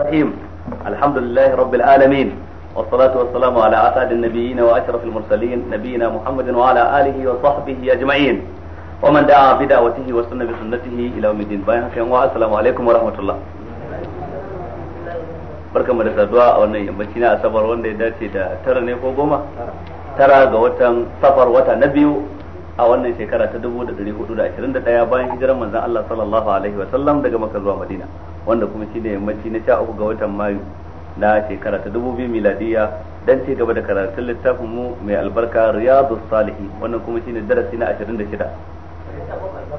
الرحيم الحمد لله رب العالمين والصلاة والسلام على أسعد النبيين وأشرف المرسلين نبينا محمد وعلى آله وصحبه أجمعين ومن دعا بدعوته وسن بسنته إلى يوم الدين باين السلام عليكم ورحمة الله barkan mu da saduwa a wannan yammaci na asabar wanda ya dace da tara ne ko goma tara ga watan safar wata na biyu a wannan shekara ta 1421 bayan hijirar manzon Allah sallallahu alaihi wa sallam daga Makka zuwa Madina wanda kuma shi ne yammaci na 13 ga watan Mayu na shekara ta 2000 miladiya dan ci gaba da karatun littafin mu mai albarka Riyadus Salihin wannan kuma shine darasi na 26 27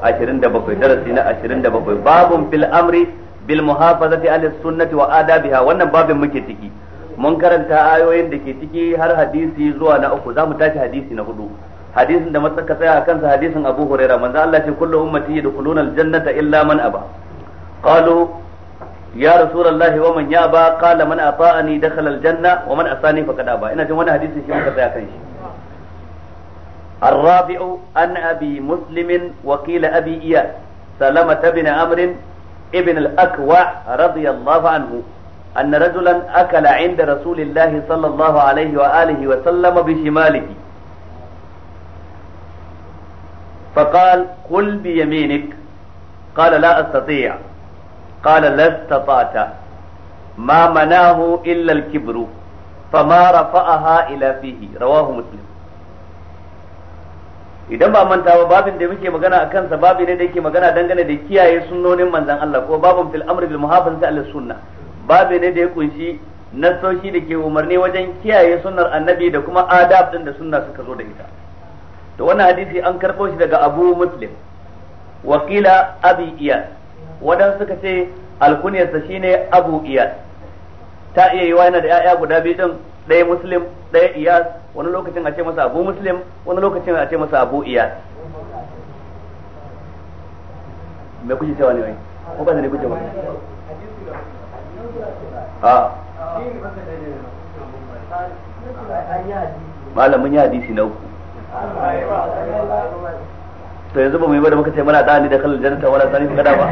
darasi na 27 babun fil amri bil muhafazati ala sunnati wa adabiha wannan babin muke ciki mun karanta ayoyin da ke ciki har hadisi zuwa na uku zamu tashi hadisi na hudu hadisin da matsaka tsaya akan sa hadisin Abu Hurairah manzo Allah ce kullu ummati yadkhuluna aljannata illa man aba qalu ya rasulullahi wa man yaba qala man ata'ani dakhala aljanna wa man asani faqad aba ina jin wannan hadisin shi muka tsaya kan shi الرابع عن أبي مسلم وقيل أبي إياس سلمة بن عمرو ابن الأكوع رضي الله عنه أن رجلا أكل عند رسول الله صلى الله عليه وآله وسلم بشماله فقال قل بيمينك قال لا أستطيع قال لا استطعت ما مناه إلا الكبر فما رفعها إلى فيه رواه مسلم idan ba manta ba babin da muke magana a kansa babi ne da yake magana dangane da kiyaye sunnonin manzan Allah ko babin fil amri bil muhafazati ala sunna babi ne da ya kunshi nassoshi da ke umarni wajen kiyaye sunnar annabi da kuma adab din da sunna suka zo da ita to wannan hadisi an karɓo shi daga abu muslim wakila abi iyad wadan suka ce alkunyarsa shine abu iyad ta iya yi yana da 'ya'ya guda biyu din ɗaya muslim ɗaya iyad wani lokacin a ce masa abu muslim wani lokacin a ce masa abu iyad me kuke cewa ne wai ko ba ne kuke ba a malamin ya hadisi na uku to yanzu ba mu yi ba da muka ce muna da ni da kallon jannata wala sani ka da ba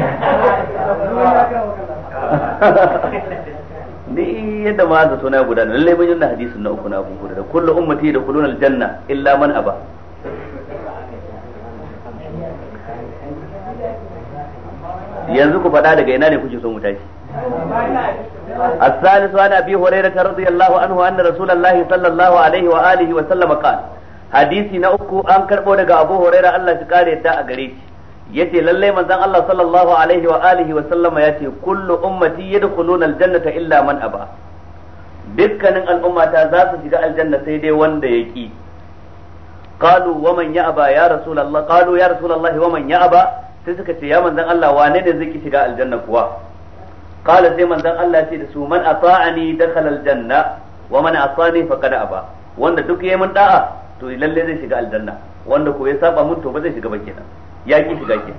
ni yadda ma za suna gudana lallai mun yana hadisin na uku na uku da kullu ummati da kullu aljanna illa man aba yanzu ku faɗa daga ina ne kuke so mu tashi الثالث عن ابي هريره رضي الله عنه ان رسول الله صلى الله عليه واله وسلم قال hadisi na uku an karbo daga Abu Huraira Allah shi kare ta a gare shi yace lalle manzon Allah sallallahu alaihi wa alihi wa sallama yace kullu ummati yadkhuluna aljannata illa man aba dukkanin al'ummata za su shiga aljanna sai dai wanda ya ki qalu wa man ya'ba ya rasulullah qalu ya rasulullah wa man ya'ba sai suka ce ya manzon Allah wane ne zai shiga aljanna kuwa qala sai manzon Allah ce da su man ata'ani dakhala aljanna wa man asani faqad aba wanda duk yayin da'a to lalle zai shiga aljanna wanda ko ya saba mun to ba zai shiga ba kenan ya ki shiga ke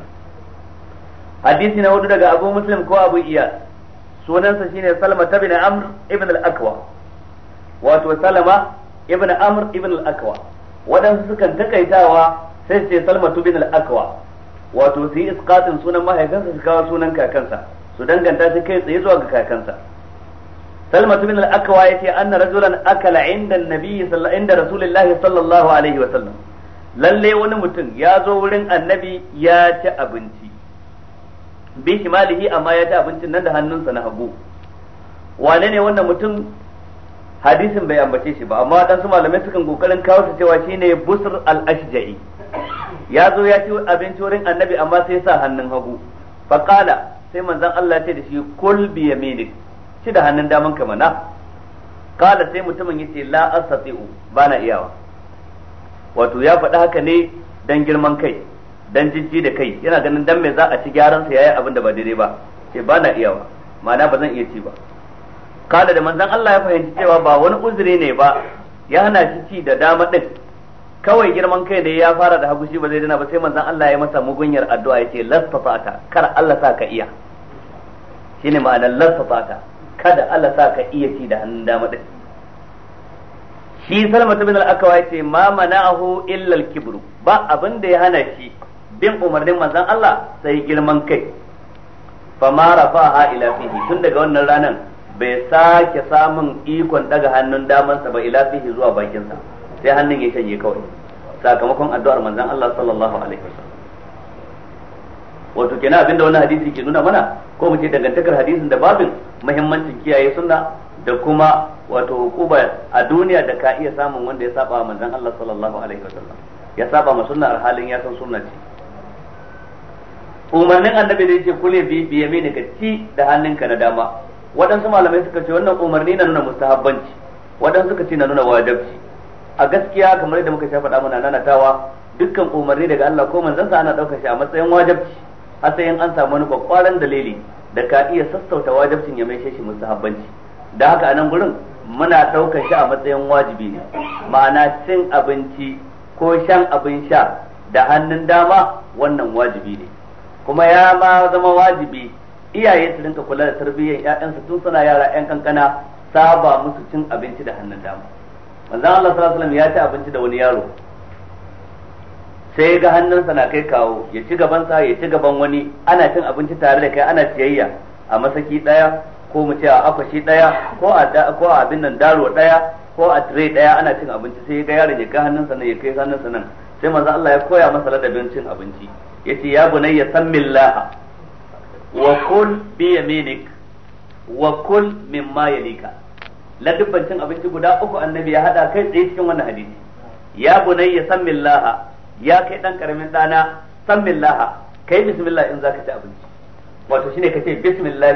hadisi na hudu daga Abu Muslim ko Abu iya. sunansa shine Salma ibn Amr ibn al-Akwa wato Salama ibn Amr ibn al-Akwa waɗansu sukan takaitawa sai ce Salma ibn al-Akwa wato su yi isqatin sunan mahaifinsa su kawo sunan kakansa su danganta su kai tsaye zuwa ga kakansa salmatu min al-akwa yace anna rajulan akala inda annabi sallallahu alaihi wa sallam lalle wani mutum ya zo wurin annabi ya ci abinci bi shimalihi amma ya ci abincin nan da hannunsa na hagu wane ne wannan mutum hadisin bai ambace shi ba amma dan su malamai sukan kokarin kawo su cewa shine busr al-ashja'i ya zo ya ci abinci wurin annabi amma sai sa hannun hagu faqala sai manzon Allah ya ce da shi kul bi yaminik shi da hannun daman ka mana kala sai mutumin yace la astati'u bana iyawa wato ya faɗi haka ne dan girman kai dan jijji da kai yana ganin dan me za a ci gyaran sa yayi abin da ba daidai ba ce bana iyawa ma'ana ba zan iya ci ba kala da manzon Allah ya fahimci cewa ba wani uzuri ne ba ya hana shi ci da dama din kawai girman kai da ya fara da hagu ba zai dana ba sai manzon Allah ya masa mugunyar addu'a yace lastafata kar Allah sa ka iya shine ma'anar lastafata kada Allah sa ka iya ci da hannun dama din shi salma bin al-akawa yace ma mana'ahu illa al-kibru ba abin da ya hana shi bin umarnin manzon Allah sai girman kai ma rafa'a ila fihi tun daga wannan ranan bai sake samun ikon daga hannun damansa ba ila fihi zuwa bakinsa sai hannun ya shanye kawai sakamakon addu'ar manzon Allah sallallahu alaihi wasallam wato kenan abinda wannan hadisi ke nuna mana ko mu ce dangantakar hadisin da babin muhimmancin kiyaye sunna da kuma wato hukuba a duniya da ka iya samun wanda ya saba manzon Allah sallallahu alaihi wasallam ya saba ma sunna alhalin ya san sunna ce umarnin annabi da yake kule bi bi yamini ka ci da hannunka na dama waɗansu malamai suka ce wannan umarni na nuna mustahabbanci waɗansu suka ce na nuna wajabci a gaskiya kamar yadda muka sha faɗa muna nanatawa dukkan umarni daga Allah ko manzon sa ana daukar shi a matsayin wajabci har an samu wani kwakwaran dalili da ka iya sassauta wajibcin ya maishe shi habbanci da haka a nan gurin muna ɗaukar shi a matsayin wajibi ne ma'ana cin abinci ko shan abin sha da hannun dama wannan wajibi ne kuma ya ma zama wajibi iyaye su rinka kula da tarbiyyar ƴaƴansu tun suna yara ƴan kankana saba musu cin abinci da hannun dama manzon Allah sallallahu alaihi wasallam ya ci abinci da wani yaro sai ya ga hannunsa na kai kawo ya ci gabansa ya ci gaban wani ana cin abinci tare da kai ana ciyayya a masaki daya ko mu ce a akwashi daya ko a ko a abin nan daro daya ko a tire daya ana cin abinci sai ya ga yaron ya kai hannunsa nan ya kai hannunsa nan sai manzo Allah ya koya masa ladabin cin abinci yace ya bunayya sammillaha wa kul bi yaminik wa kul mimma yalika ladabin cin abinci guda uku annabi ya hada kai tsaye cikin wannan hadisi ya bunayya sammillaha ya kai dan karamin dana san billaha kai bismillah in zaka ci abinci wato shine ka ce bismillah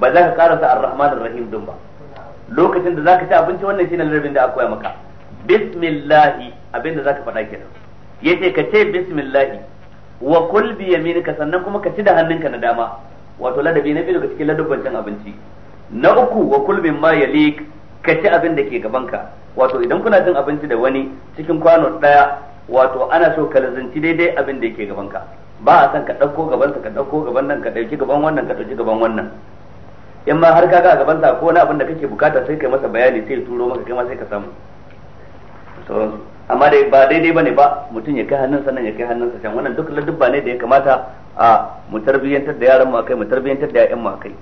ba za ka karanta arrahmanir rahim din ba lokacin da zaka ci abinci wannan shine larabin da aka koya maka bismillah abinda zaka faɗa kenan yace ka ce bismillah wa kul bi yaminika sannan kuma ka ci da hannunka na dama wato ladabi na biyu daga cikin ladabban cin abinci na uku wa kul min ma yalik ka ci abin da ke gabanka wato idan kuna cin abinci da wani cikin kwano daya wato ana so ka lazanci daidai abin da yake gaban ka ba a san ka ɗauko gaban ka ɗauko gaban nan ka ɗauki gaban wannan ka ɗauki gaban wannan in ma har kaga a gaban sa ko wani abin da kake bukata sai kai masa bayani sai ya turo maka kai ma sai ka samu amma dai ba daidai bane ba mutum ya kai hannun nan ya kai hannun sa can wannan duk ladubba ne da ya kamata a mu tarbiyyantar da yaran mu akai mu tarbiyyantar da ƴaƴan mu akai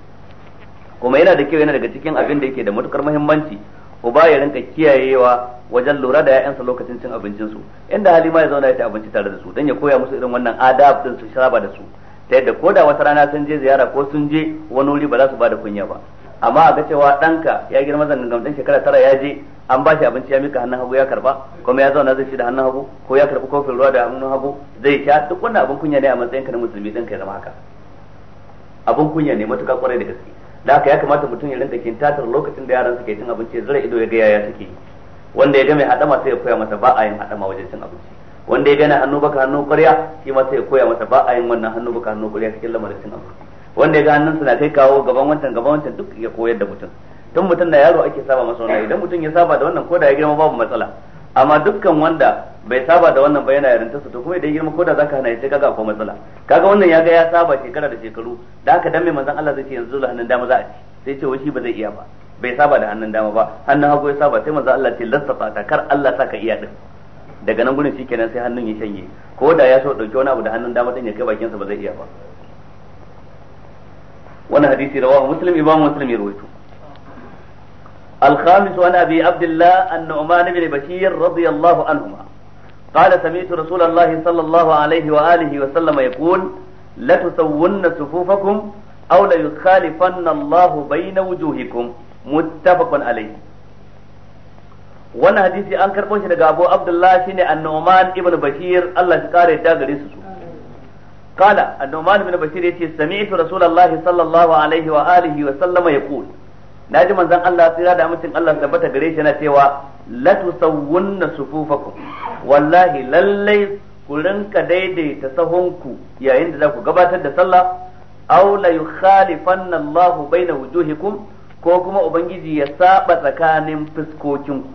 kuma yana da kyau yana daga cikin abin da yake da matukar muhimmanci uba ya rinka kiyayewa wajen lura da ƴaƴansa lokacin cin abincin su inda halima ya zauna ya ci abinci tare da su dan ya koya musu irin wannan adab din su saba da su ta yadda ko da wata rana sun je ziyara ko sun je wani wuri ba za su bada kunya ba amma a ga cewa ɗanka ya girma zan zangangan ɗan shekara tara ya je an ba shi abinci ya mika hannun hagu ya karba kuma ya zauna zai ci da hannun hagu ko ya karbi kofin ruwa da hannun hagu zai sha duk wannan abin kunya ne a matsayin ka na musulmi ɗan ka ya zama haka abin kunya ne matuƙa kwarai da gaske da haka ya kamata mutum ya rinka tatar lokacin da yaran suke cin abinci ya zura ido ya ga yaya suke wanda ya ga mai hadama sai ya koya masa ba a yin hadama wajen cin abinci wanda ya na hannu baka hannu ƙwarya shi ma sai ya koya masa ba a yin wannan hannu baka hannu ƙwarya cikin lamarin cin abinci wanda ya ga hannun na kai kawo gaban wancan gaban wancan duk ya koyar da mutum tun mutum na yaro ake saba masa wannan idan mutum ya saba da wannan ko da ya girma babu matsala amma dukkan wanda bai saba da wannan ba yana yarinta su to kuma idan girma koda zaka hana ya ce kaga akwai matsala kaga wannan ya ga ya saba shekara da shekaru da haka dan mai manzon Allah zai ce yanzu da hannun dama za a ci sai ce wai shi ba zai iya ba bai saba da hannun dama ba hannun hagu ya saba sai manzon Allah ce lasta ta kar Allah saka iya din daga nan gurin shikenan sai hannun ya shanye ko da ya so dauke wani abu da hannun dama din ya kai bakin sa ba zai iya ba wannan hadisi rawahu muslim imamu muslim ya rawaito الخامس عن أبي عبد الله النعمان بن بشير رضي الله عنهما قال سمعت رسول الله صلى الله عليه وآله وسلم يقول لتسون صفوفكم أو ليخالفن الله بين وجوهكم متفق عليه wannan hadisi an karɓo shi daga Abu Abdullah shine An-Nu'man ibn Bashir Allah ya kare ta gare su kala an ibn Bashir yace sami'tu Rasulullahi sallallahu alaihi wa alihi wa sallama yaqul naji manzon Allah tsira da amincin Allah tabbata gare shi na cewa la tusawwunna sufufakum wallahi lallai ku rinka daidaita sahunku yayin da zaku gabatar da sallah aw la yukhalifanna Allah baina wujuhikum ko kuma ubangiji ya saba tsakanin fuskokinku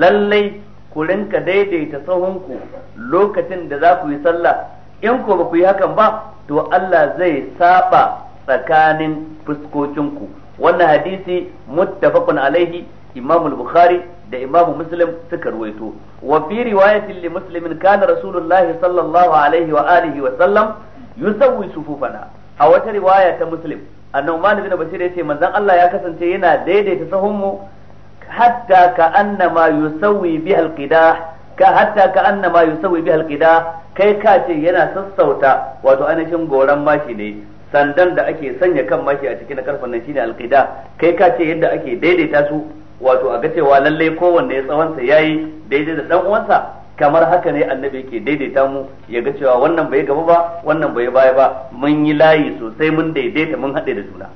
lallai ku rinka daidaita sahunku lokacin da zaku yi sallah in ko ba ku yi hakan ba to Allah zai saba tsakanin fuskokinku wannan hadisi muttafaqun alaihi imamu al-bukhari da imamu muslim suka ruwaito wa fi riwayatin li muslimin kana rasulullahi sallallahu alaihi wa alihi wa sallam yusawwi sufufana a wata riwaya ta muslim annabi bin basir yace manzon Allah ya kasance yana daidaita sahun mu hatta ka annama yusawwi biha al-qidah ka hatta ka annama yusawwi biha al-qidah kai ka ce yana sassauta wato ainihin goran mashi ne sandan da ake sanya kan mashi a cikin karfan nan shine alqida kai ka ce yadda ake daidaita su wato a ga cewa lalle kowanne tsawon sa yayi daidai da dan uwansa kamar haka ne annabi yake daidaita mu ya ga cewa wannan bai gaba ba wannan bai baya ba mun yi layi sosai mun daidaita mun haɗe da juna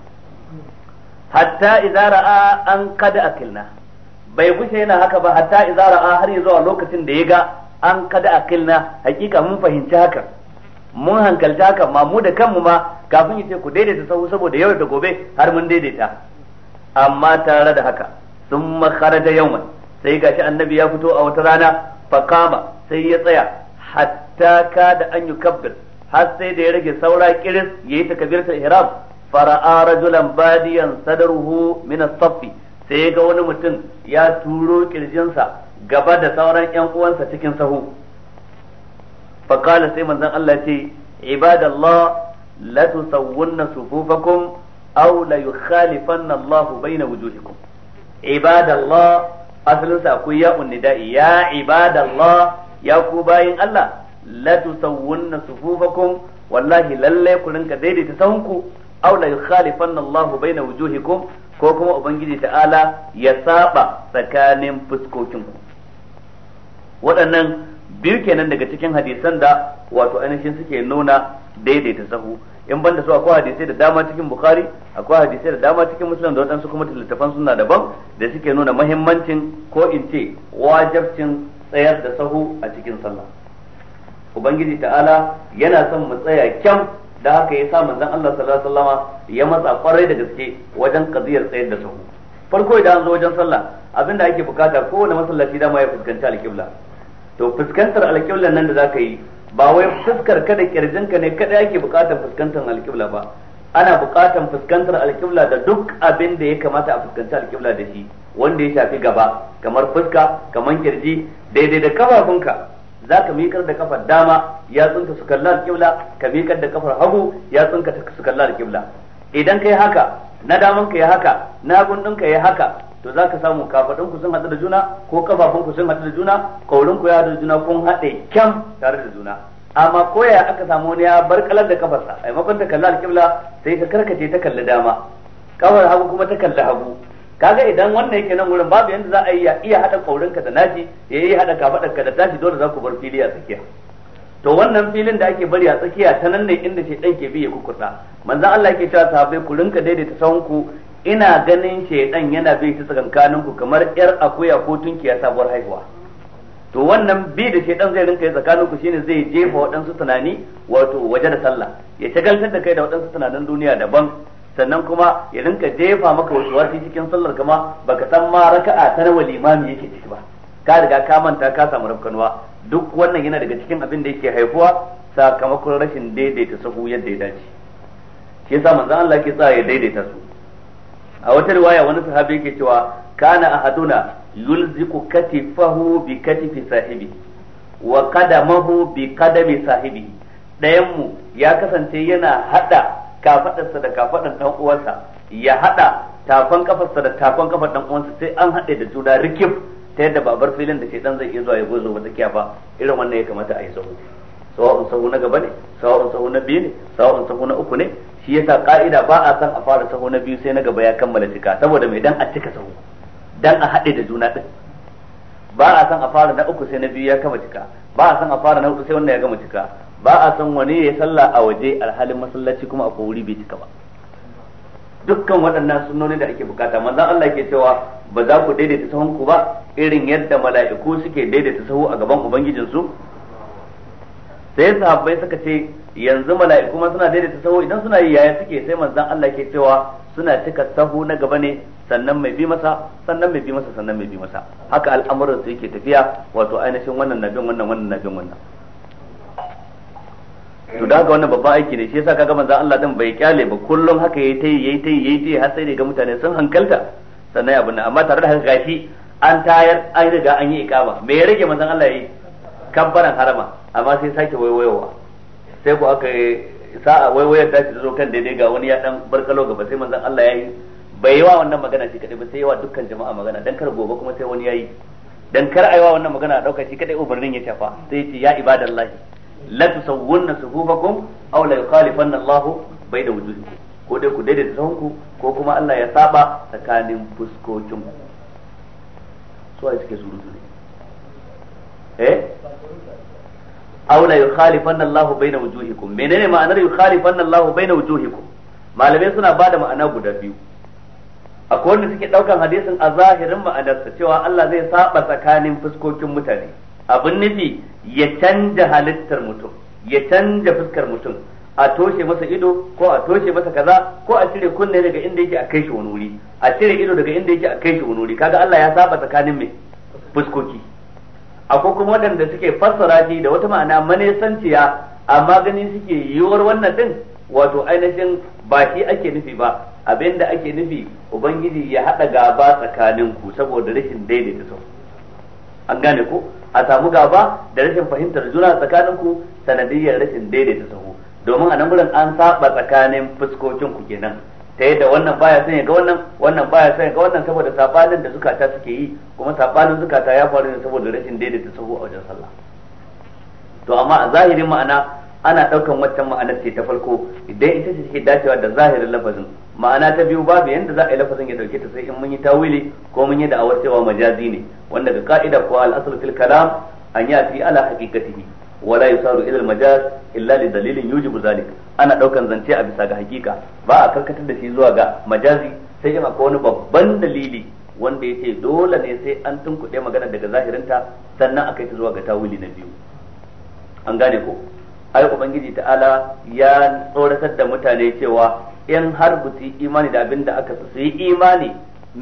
hatta idza ra'a an kada akilna bai gushe yana haka ba hatta idza ra'a har ya a lokacin da ya ga an kada akilna hakika mun fahimci haka mun hankalta haka ma mu da kanmu ma kafin ya ce ku daidaita sahu saboda yau da gobe har mun daidaita amma tare da haka sun kharaja yawman sai gashi annabi ya fito a wata rana fakama sai ya tsaya hatta ka da an yukabbir har sai da ya rage saura kiris ta takbiratul ihram fara'a rajulan badiyan sadaruhu min as-saffi sai ga wani mutum ya turo kirjinsa gaba da sauran yan uwansa cikin sahu فقال سي منزن الله تي عباد الله لا تسوون صفوفكم أو لا يخالفن الله بين وجوهكم عباد الله أصل سأقول يا النداء يا عباد الله يا كوباين الله لا تسوون صفوفكم والله للي كلنك ديدي تسوونكم أو لا يخالفن الله بين وجوهكم ko kuma ubangiji ta'ala ya saba tsakanin fuskokinku waɗannan biyu kenan daga cikin hadisan da wato ainihin suke nuna daidaita sahu in banda su akwai hadisai da dama cikin bukhari akwai hadisai da dama cikin muslim da waɗansu kuma littafan suna daban da suke nuna mahimmancin ko in ce wajabcin tsayar da sahu a cikin sallah ubangiji ta'ala yana son mu tsaya kyam da haka ya sa manzon Allah sallallahu alaihi wasallama ya matsa kwarai da gaske wajen qadiyar tsayar da sahu farko idan an zo wajen sallah abinda ake bukata kowane masallaci dama ya fuskanci alqibla to fuskantar alƙiblar nan da za ka yi ba wai fuskar kada da ka ne kada yake buƙatar fuskantar alƙibla ba ana buƙatar fuskantar alƙibla da duk abin da ya kamata a fuskanci alƙibla da shi wanda ya shafi gaba kamar fuska kamar kirji daidai da kafafunka za ka miƙar da kafar dama tsinka su kalla alƙibla ka miƙar da kafar hagu tsinka su kalla alƙibla idan ka yi haka na daman ka haka na hagun ɗinka yi haka to za ka samu kafaɗunku sun hadu da juna ko kafafun sun hadu da juna kaurin ya hadu da juna kun haɗe kyam tare da juna amma koya aka samu wani ya bar kalar da kafarsa a maimakon ta kalli alƙibla sai ka karkace ta kalli dama kafar hagu kuma ta kalli hagu kaga idan wannan yake nan wurin babu yanda za a iya iya haɗa kaurinka da naji ya yi hada ka da tashi dole za ku bar fili a tsakiya to wannan filin da ake bari a tsakiya ta nan ne inda shi ɗan ke bi ya kukurta manzan Allah ke cewa sahabbai ku rinka daidaita sahunku ina ganin shaidan yana bai ta tsakankanin ku kamar yar akuya ko tunkiya sabuwar haihuwa to wannan bi da shaidan zai rinka yi tsakanin ku shine zai jefa waɗansu tunani wato waje da sallah ya shagaltar da kai da waɗansu tunanin duniya daban sannan kuma ya rinka jefa maka wasu wasi cikin sallar kama baka san ma raka'a ta nawa limami yake ciki ba ka riga ka manta ka samu rafkanuwa duk wannan yana daga cikin abin da yake haihuwa sakamakon rashin daidaita sahu yadda ya dace shi yasa manzon Allah ke tsaya ya daidaita su a wata riwaya wani sahabi yake cewa kana ahaduna yulziku katifahu bi katifi sahibi wa qadamahu bi qadami sahibi dayan mu ya kasance yana hada kafadarsa da kafadar dan uwansa ya hada tafan kafarsa da tafan kafar dan uwansa sai an hade da juna rikif ta yadda babar filin da ke dan zai iya zuwa ya gozo ba tsakiya ba irin wannan ya kamata a yi sahu sawa'un sahu na gaba ne sawa'un sahu na biyu ne sawa'un sahu na uku ne shi yasa ka'ida ba a san a fara saho na biyu sai na gaba ya kammala cika saboda mai dan a cika saho dan a haɗe da juna din ba a san a fara na uku sai na biyu ya kama cika ba a san a fara na hudu sai wannan ya gama cika ba a san wani ya sallah a waje alhalin masallaci kuma a wuri bai cika ba dukkan waɗannan sunnoni da ake bukata manzon Allah ke cewa ba za ku daidaita sahunku ba irin yadda mala'iku suke daidaita saho a gaban ubangijinsu sai sahabbai suka ce yanzu mala'iku ma suna daidaita sahu idan suna yi yaya suke sai manzon Allah ke cewa suna cika sahu na gaba ne sannan mai bi masa sannan mai bi masa sannan mai bi masa haka al'amuran su yake tafiya wato ainihin wannan nabin wannan wannan nabin wannan to da haka wannan babban aiki ne shi yasa kaga manzon Allah din bai kyale ba kullum haka yayi tayi yayi tayi yayi tayi har sai ne ga mutane sun hankalta sannan abin nan amma tare da haka gashi an tayar an riga an yi ikama me ya rage manzon Allah yayi kabbaran harama amma sai sake waiwayowa sai ku aka yi sa'a waiwayar tashi ta zo kan daidai ga wani ya dan barkalo gaba sai manzon Allah ya yi bai yi wa wannan magana shi kadai ba sai yawa dukkan jama'a magana dan kar gobe kuma sai wani ya yi dan kar wa wannan magana a dauka shi kadai ubarnin ya shafa sai ya ce ya ibadallahi la tusawwunna suhufakum aw la yuqalifanna Allah baina wujuhikum ko dai ku daidaita sahunku ko kuma Allah ya saba tsakanin ku. su ai suke surutu ne eh aw la yukhalifanna Allahu baina wujuhikum menene ma'anar yukhalifanna Allahu baina wujuhikum malamai suna bada ma'ana guda biyu akwai wanda suke daukan hadisin a zahirin ma'anar ma'anarsa cewa Allah zai saba tsakanin fuskokin mutane abin nufi ya canja halittar mutum ya canja fuskar mutum a toshe masa ido ko a toshe masa kaza ko a cire kunne daga inda yake a kai shi wani wuri a cire ido daga inda yake a kai shi wani wuri kaga Allah ya saba tsakanin me fuskoki akwai kuma waɗanda suke fassara shi da wata ma'ana manesanciya amma ganin suke yiwuwar wannan din wato ainihin ba shi ake nufi ba abinda ake nufi ubangiji ya haɗa gaba tsakanin ku saboda rashin daidaita sau an gane ko a samu gaba da rashin fahimtar juna tsakanin ku sanadiyyar rashin daidaita sau domin a nan an saba tsakanin fuskokin ku kenan ta yadda wannan baya son ya ga wannan wannan baya son ya ga wannan saboda sabanin da zukata suke yi kuma sabanin zukata ya faru ne saboda rashin daidaita sahu a wajen sallah to amma a zahirin ma'ana ana daukan wancan ma'ana ce ta farko idan ita ce take dacewa da zahirin lafazin ma'ana ta biyu babu yanda za a yi lafazin ya dauke ta sai in mun yi tawili ko mun yi da cewa majazi ne wanda ga ka'ida ko al-asl fil kalam an yati ala haqiqatihi wala yusaru ila al-majaz illa li dalilin yujibu zalik ana daukan zance a bisa ga hakika ba a karkatar da shi zuwa ga majazi sai in akwai wani babban dalili wanda ya ce dole ne sai an tunkuɗe magana daga zahirinta sannan a kai ta zuwa ga tawili na biyu an gane ko ai ubangiji ta'ala ya tsoratar da mutane cewa in har bu imani da abin da aka su yi imani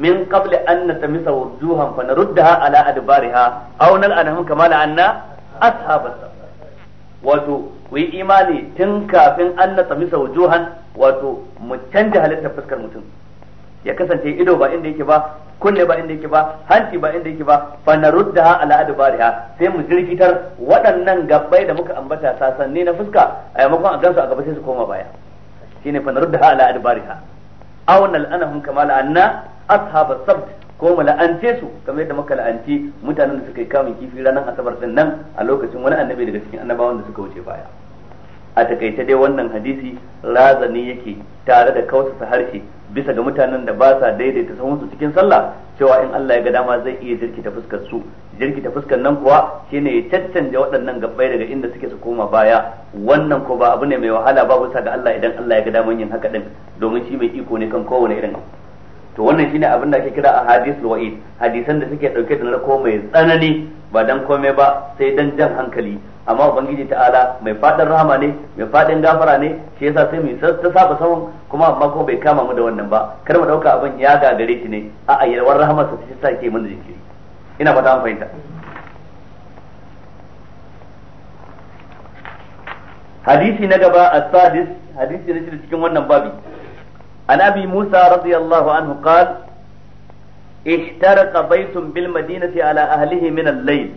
min qabli an natamisa wujuhan fa naruddaha ala adbariha aw nal'anahum kama anna ashabas wato ku yi imani tun kafin an na tsami wujuhan wato mu canja halittar fuskar mutum ya kasance ido ba inda yake ba kunne ba inda yake ba hanci ba inda yake ba fa na rudda ha ala adbariha sai mu jirgitar waɗannan gabbai da muka ambata sasanni na fuska a yamakon a gansu a gaba sai su koma baya shine fa na rudda ha ala adbariha aw anahum kama anna ashabas sabt ko mu la'ance su kamar yadda muka la'anti mutanen da suka yi kamun kifi ranar asabar din nan a lokacin wani annabi daga cikin annabawan da suka wuce baya a takaice dai wannan hadisi razani yake tare da kausasa harshe bisa ga mutanen da ba sa daidaita sahunsu cikin sallah cewa in Allah ya ga dama zai iya jirkita fuskar su jirkita fuskar nan kuwa shine ya caccanja waɗannan gabbai daga inda suke su koma baya wannan ko ba abu ne mai wahala ba bisa ga Allah idan Allah ya ga daman yin haka din domin shi mai iko ne kan kowane irin abu to wannan shine abin da ake kira a hadis wa'id hadisan da suke dauke da narko mai tsanani ba dan komai ba sai dan jan hankali amma ubangiji ta'ala mai fadin rahama ne mai fadin gafara ne shi yasa sai mu ta saba sawun kuma amma ko bai kama mu da wannan ba kar mu dauka abin ya gagare shi ne a'a yalwar su ta sa ke mana jiki ina fata an fahimta hadisi na gaba as-sadis hadisi na cikin wannan babi عن أبي موسى رضي الله عنه قال احترق بيت بالمدينة على أهله من الليل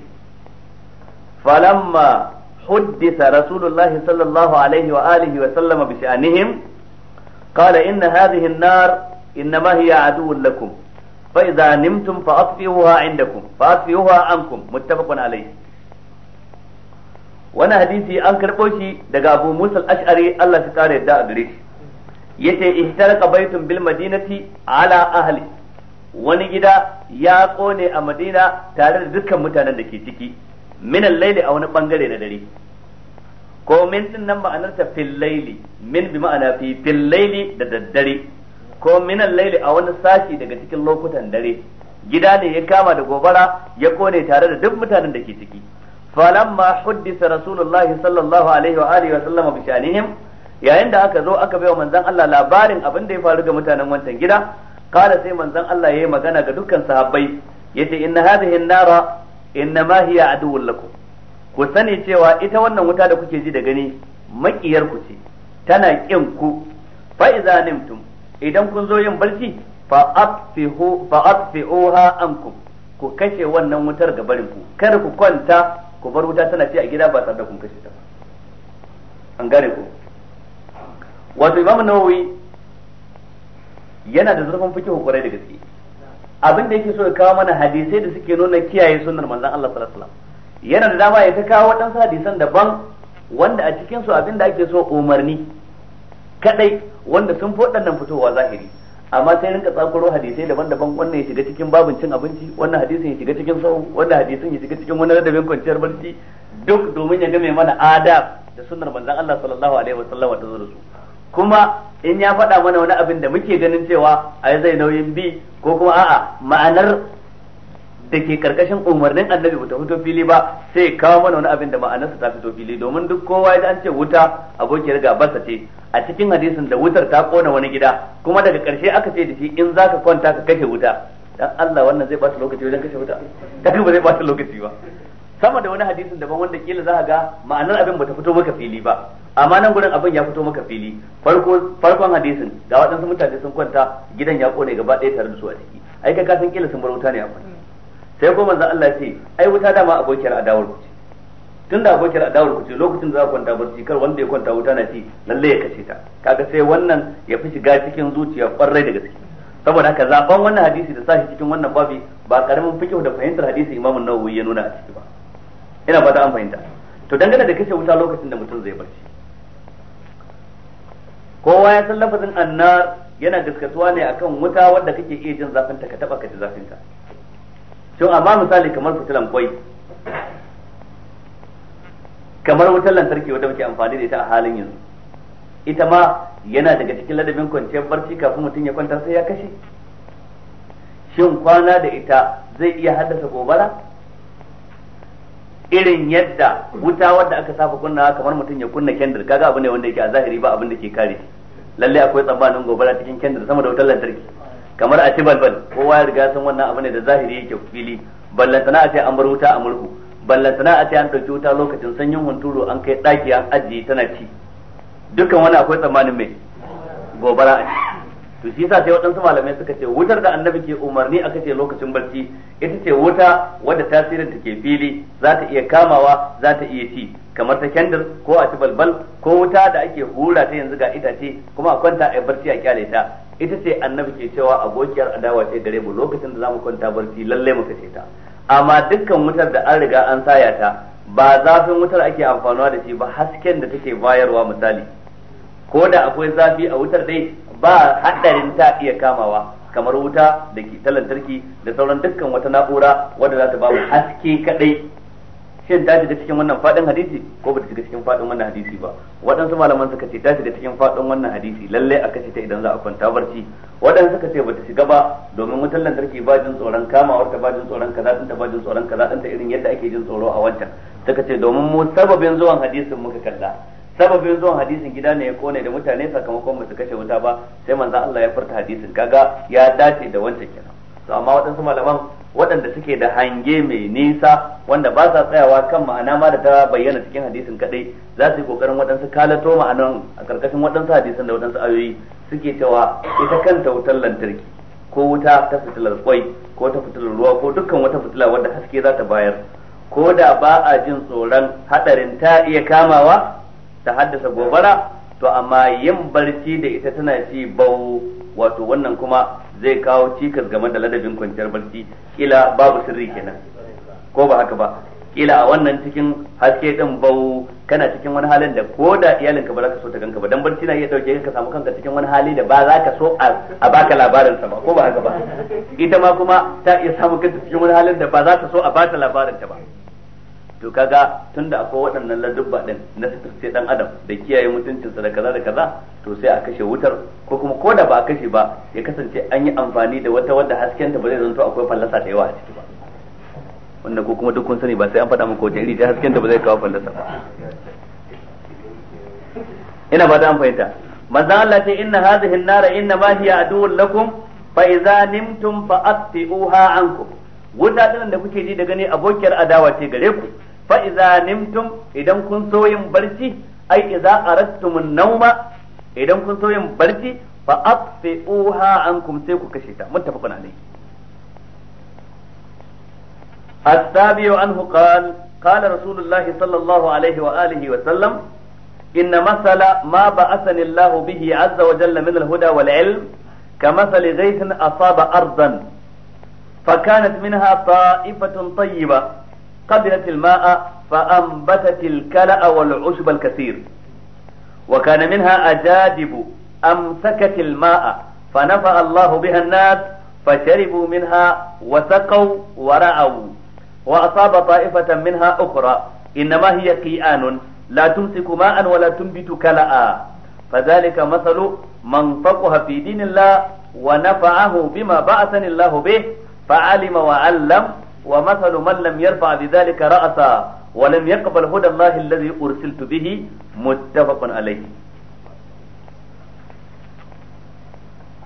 فلما حدث رسول الله صلى الله عليه وآله وسلم بشأنهم قال إن هذه النار إنما هي عدو لكم فإذا نمتم فأطفئوها عندكم فأطفئوها عنكم متفق عليه وانا حديثي أنكر بوشي دقابو موسى الأشعري الله تكاري دا أدريش yace ihtarqa baitun bil madinati ala ahli wani gida ya kone a madina tare da dukkan mutanen da ke ciki min al-layli a wani bangare na dare ko min din nan ma'anar ta fil layli min bi ma'ana fi fil layli da daddare ko min al-layli a wani sashi daga cikin lokutan dare gida ne ya kama da gobara ya kone tare da duk mutanen da ke ciki falamma huddisa rasulullahi sallallahu alaihi wa alihi wa sallama bi shanihim yayin da aka zo aka baiwa Manzan Allah labarin abin da ya faru ga mutanen wancan gida kala sai Manzan Allah ya yi magana ga dukkan sahabbai yace inna hadhihi an-nara innama hiya aduwwun lakum ku sani cewa ita wannan wuta da kuke ji da gani makiyar ku ce tana kin ku fa idza nimtum idan kun zo yin barci fa atfihu fa atfi'uha ankum ku kashe wannan wutar ga barin ku kada ku kwanta ku bar wuta tana ci a gida ba tare da kun kashe ta an gane ku wato Imam nawawi yana da zurfin fikihu kwarai da gaske abin da yake so ya kawo mana hadisai da suke nuna kiyaye sunnar manzon Allah sallallahu alaihi wasallam yana da dama ya ta kawo waɗansu hadisan daban wanda a cikin su abin da ake so umarni kadai wanda sun fi waɗannan fitowa zahiri amma sai rinka tsakuro hadisai daban-daban wannan ya shiga cikin babin cin abinci wannan hadisin ya shiga cikin sau wannan hadisin ya shiga cikin wani radabin kwanciyar barci duk domin ya game mana adab da sunnar manzon Allah sallallahu alaihi wasallam ta zuwa su kuma in ya faɗa mana wani abin da muke ganin cewa ai zai nauyin bi ko kuma a'a ma'anar da ke karkashin umarnin annabi ba ta fito fili ba sai kawo mana wani abin da ma'anarsa ta fito fili domin duk kowa ya an ce wuta riga basa ce a cikin hadisin da wutar ta kona wani gida kuma daga karshe aka ce da shi in zaka kwanta ka kashe wuta dan Allah wannan zai bata lokaci wajen kashe wuta kaga ba zai bata lokaci ba sama da wani hadisin daban wanda kila za ga ma'anar abin ba ta fito maka fili ba amma nan gurin abin ya fito maka fili farko farkon hadisin ga waɗansu mutane sun kwanta gidan ya kone gaba ɗaya tare da su a ciki ai kai ka san kila sun bar wuta ne a kwanta sai kuma manzon Allah ce ai wuta dama abokiyar adawar ku ce tunda abokiyar adawar ku ce lokacin da za ku kwanta barci kar wanda ya kwanta wuta na ci lalle ya kace ta kaga sai wannan ya fi shiga cikin zuciya kwarai da gaske saboda haka zaben wannan hadisi da sashi cikin wannan babi ba karamin fikihu da fahimtar hadisi Imam Nawawi ya nuna a ciki ba ina fata an fahimta to dangane da kashe wuta lokacin da mutum zai barci kowa ya san lafazin annar yana gaskatuwa ne akan wuta wadda kake iya jin zafin ta ka taba ka ji zafin ta to amma misali kamar fitilan koi kamar wutar lantarki wadda muke amfani da ita a halin yanzu ita ma yana daga cikin ladabin kwanciyar barci kafin mutum ya kwanta sai ya kashe shin kwana da ita zai iya haddasa gobara irin yadda wuta wadda aka saba kunna kamar mutum ya kunna kendir kaga abu ne wanda yake a zahiri ba abin ke kare lalle akwai tsammanin gobara cikin kendir sama da wutar lantarki kamar a ci balbal kowa ya riga san wannan abu ne da zahiri yake fili ballantana a ce an bar wuta a murhu ballantana a ce an dauki wuta lokacin sanyin hunturu an kai ɗaki an ajiye tana ci dukkan wani akwai tsammanin mai gobara a ciki to shi yasa sai waɗansu malamai suka ce wutar da annabi ke umarni a ce lokacin barci ita ce wuta wadda tasirin ta ke fili za ta iya kamawa za ta iya ci kamar ta kendir ko a ci balbal ko wuta da ake hura ta yanzu ga itace kuma a kwanta a barci a kyale ta ita ce annabi ke cewa abokiyar adawa ce gare mu lokacin da za mu kwanta barci lallai mu kace ta amma dukkan wutar da an riga an saya ta ba zafin wutar ake amfanuwa da shi ba hasken da take bayarwa misali ko da akwai zafi a wutar dai ba hadarin ta iya kamawa kamar wuta da ke ta lantarki da sauran dukkan wata na'ura wadda za ta ba mu haske kadai shin ta shiga cikin wannan fadin hadisi ko ba ta shiga cikin fadin wannan hadisi ba waɗansu malaman suka ce ta shiga cikin fadin wannan hadisi lallai a kashe ta idan za a kwanta barci waɗansu suka ce ba ta shiga ba domin wutar lantarki ba jin tsoron kamawar ta ba jin tsoron kaza ɗinta ba jin tsoron kaza ɗinta irin yadda ake jin tsoro a wancan suka ce domin mu sababin zuwan hadisin muka kalla sababin zuwan hadisin gida ne ya kone da mutane sakamakon ba su kashe wuta ba sai manzo Allah ya furta hadisin kaga ya dace da wancan kenan to amma waɗansu malaman waɗanda suke da hange mai nisa wanda ba sa tsayawa kan ma'ana ma da ta bayyana cikin hadisin kadai za su yi kokarin waɗansu kalato ma'anan a karkashin waɗansu hadisan da waɗansu ayoyi suke cewa ita kanta wutar lantarki ko wuta ta fitilar kwai ko ta fitilar ruwa ko dukkan wata fitila wadda haske za ta bayar ko da ba a jin tsoron hadarin ta iya kamawa ta haddasa gobara to amma yin barci da ita tana ci bau wato wannan kuma zai kawo cikas game da ladabin kwanciyar barci kila babu sirri kenan ko ba haka ba kila a wannan cikin haske din bau kana cikin wani halin da ko da iyalinka ba za ka so ta ganka ba dan barci na iya dauke ka samu kanka cikin wani hali da ba za ka so a baka labarin sa ba ko ba haka ba ita ma kuma ta iya samu kanta cikin wani halin da ba za ta so a baka labarin ta ba to kaga tunda akwai waɗannan ladubba din na sai dan adam da kiyaye mutuncinsa da kaza da kaza to sai a kashe wutar ko kuma ko da ba a kashe ba ya kasance an yi amfani da wata wadda haskenta ba zai zanto akwai fallasa da yawa a ciki ba wannan ko kuma duk kun sani ba sai an faɗa muku wajen iri ta haskenta ba zai kawo fallasa ba ina ba da an fahimta manzan Allah ce inna hadhihi an-nara inna ma hiya aduwwun lakum fa idza nimtum fa'tiuha ankum wuta dinan da kuke ji da gani abokiyar adawa ce gare ku فإذا نمتم إذا idan kun so أي إذا أردتم النوم إذا nauma idan kun فأطفئوها عنكم barci fa متفق عليه sai السابع عنه قال قال رسول الله صلى الله عليه وآله وسلم إن مثل ما بعثني الله به عز وجل من الهدى والعلم كمثل غيث أصاب أرضا فكانت منها طائفة طيبة قبلت الماء فأنبتت الكلأ والعشب الكثير وكان منها أجادب أمسكت الماء فنفع الله بها الناس فشربوا منها وسقوا ورعوا وأصاب طائفة منها أخرى إنما هي قيآن لا تمسك ماء ولا تنبت كلأ فذلك مثل من فقه في دين الله ونفعه بما بعثني الله به فعلم وعلم ومثل من لم يرفع بذلك رأسا ولم يقبل هدى الله الذي أرسلت به متفق عليه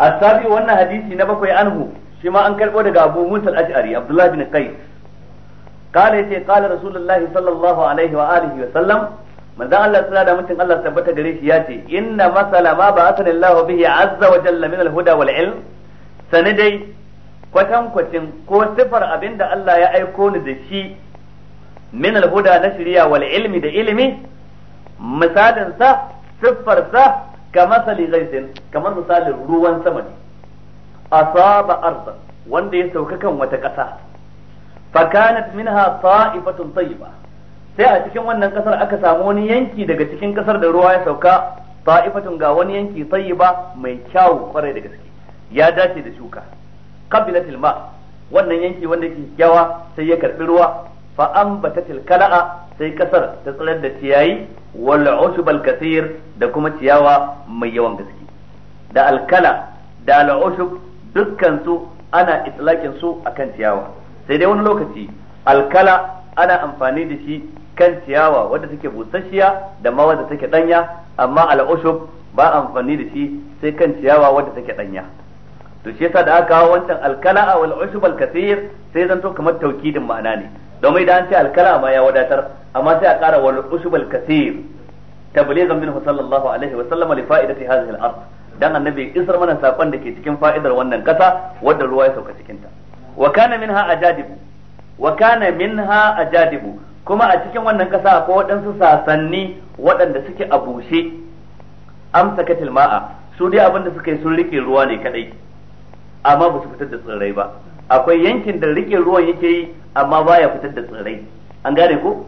السابع وانا حديثي نبقي عنه شما أنكر ودق أبو موسى الأشعري عبد الله بن قيس قال يتي قال رسول الله صلى الله عليه وآله وسلم من ذا الله سنادى متن الله ثبت قريش ياتي إن مثل ما بعثني الله به عز وجل من الهدى والعلم سندي kwatankwacin ko sifar abin da Allah ya aiko ni da shi min alhuda na shirya wal ilmi da ilimi misalin sa siffar sa ka masali kamar misalin ruwan sama ne asaba arda wanda ya sauka kan wata ƙasa kanat minha ta'ifatun tayyiba sai a cikin wannan kasar aka samu wani yanki daga cikin kasar da ruwa ya sauka ta'ifatun ga wani yanki tayyiba mai kyau kwarai da gaske ya dace da shuka Kabila tilma, wannan yanki wanda yake kyawa sai ya karbi ruwa fa ambatatil kala'a sai kasar ta tsirar da ciyayi wal ushbal kathir da kuma ciyawa mai yawan gaske da alkala da al ushb dukkan su ana itlakin su akan ciyawa sai dai wani lokaci alkala ana amfani da shi kan ciyawa wadda take busasshiya da ma wadda take danya amma al ushb ba amfani da shi sai kan ciyawa wadda take danya to shi yasa da aka kawo wancan alkala'a wal ushb al kathir sai zanto kamar taukidin ma'ana ne domin idan an ce alkala'a ma ya wadatar amma sai a ƙara wal ushb al kathir tablizan minhu sallallahu alaihi wa sallam li fa'idati hadhihi al ard dan annabi isar mana sakon da ke cikin fa'idar wannan kasa wanda ruwa ya sauka cikin ta wa kana minha ajadibu wa kana minha ajadibu kuma a cikin wannan kasa akwai waɗansu sasanni waɗanda suke a bushe Amsa amsakatil ma'a su dai abin da suka yi sun rike ruwa ne kadai amma ba su fitar da tsirrai ba akwai yankin da rike ruwan yake yi amma baya fitar da tsirrai an gane ko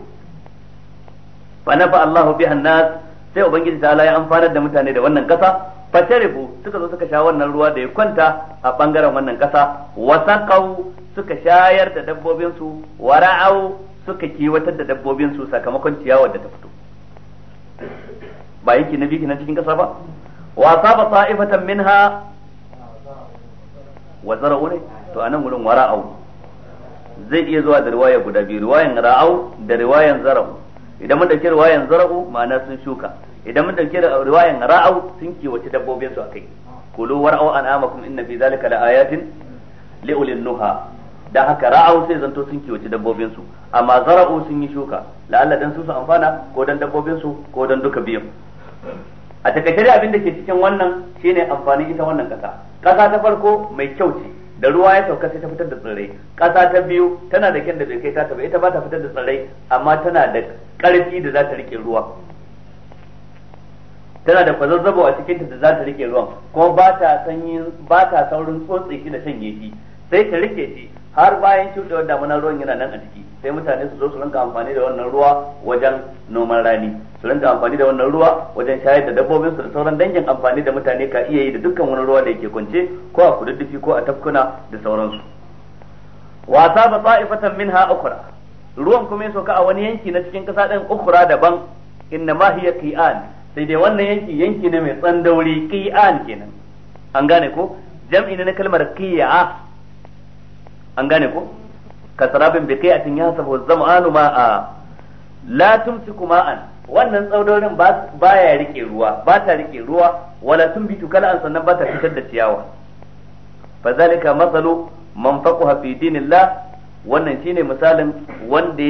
fa nafa Allahu biha nas sai ubangiji ta ya amfanar da mutane da wannan kasa fatarifu suka zo suka sha wannan ruwa da ya kwanta a bangaren wannan kasa wasaqau suka shayar da dabbobin su wara'au suka kiwatar da dabbobin su sakamakon ciyawar da ta fito ba yake na biki na cikin kasa ba wa asaba sa'ifatan minha wa zara'u ne to anan gurin wa ra'au zai iya zuwa da riwaya guda biyu riwayan ra'au da riwayan zara'u idan mun dauki riwayan zara'u ma'ana sun shuka idan mun dauki riwayan ra'au sun kiwace dabbobin su akai kulu war'au an'amakum inna fi zalika laayatin li'ulil nuha da haka ra'au sai zanto sun kiwace dabbobin su amma zara'u sun yi shuka la'alla dan su su amfana ko dan dabbobin su ko dan duka biyan a takaice dai abin da ke cikin wannan shine amfani ita wannan kasa kasa ta farko mai kyau ce da ruwa ya sauka sai ta fitar da tsirrai kasa ta biyu tana da kyan da bai kai ta ba ita ba ta fitar da tsirrai amma tana da karfi da za ta rike ruwa tana da kwazazzabo a cikin da za ta rike ruwan kuma ba ta sanyi ba ta saurin tsotse shi da shanye shi sai ta rike shi har bayan da damuna ruwan yana nan a ciki sai mutane su zo su rinka amfani da wannan ruwa wajen noman rani su rinka amfani da wannan ruwa wajen shayar da dabbobin su da sauran dangin amfani da mutane ka iya yi da dukkan wani ruwa da yake kwance ko a kududdufi ko a tafkuna da sauransu wasa ba sa'ifatan minha ukhra ruwan kuma ya sauka a wani yanki na cikin kasa din ukhra daban inna ma hiya qi'an sai dai wannan yanki yanki ne mai tsandauri qi'an kenan an gane ko jam'i ne na kalmar qi'a an gane ko kasarabin bi qiyatin yahsabu az-zam'anu a. la tumsiku ma'an wannan tsaudorin ba ya rike ruwa ba ta rike ruwa wala tun tumbitu kala'an sannan ba ta fitar da ciyawa fa zalika masalu man faqaha fi dinillah wannan shine misalin wanda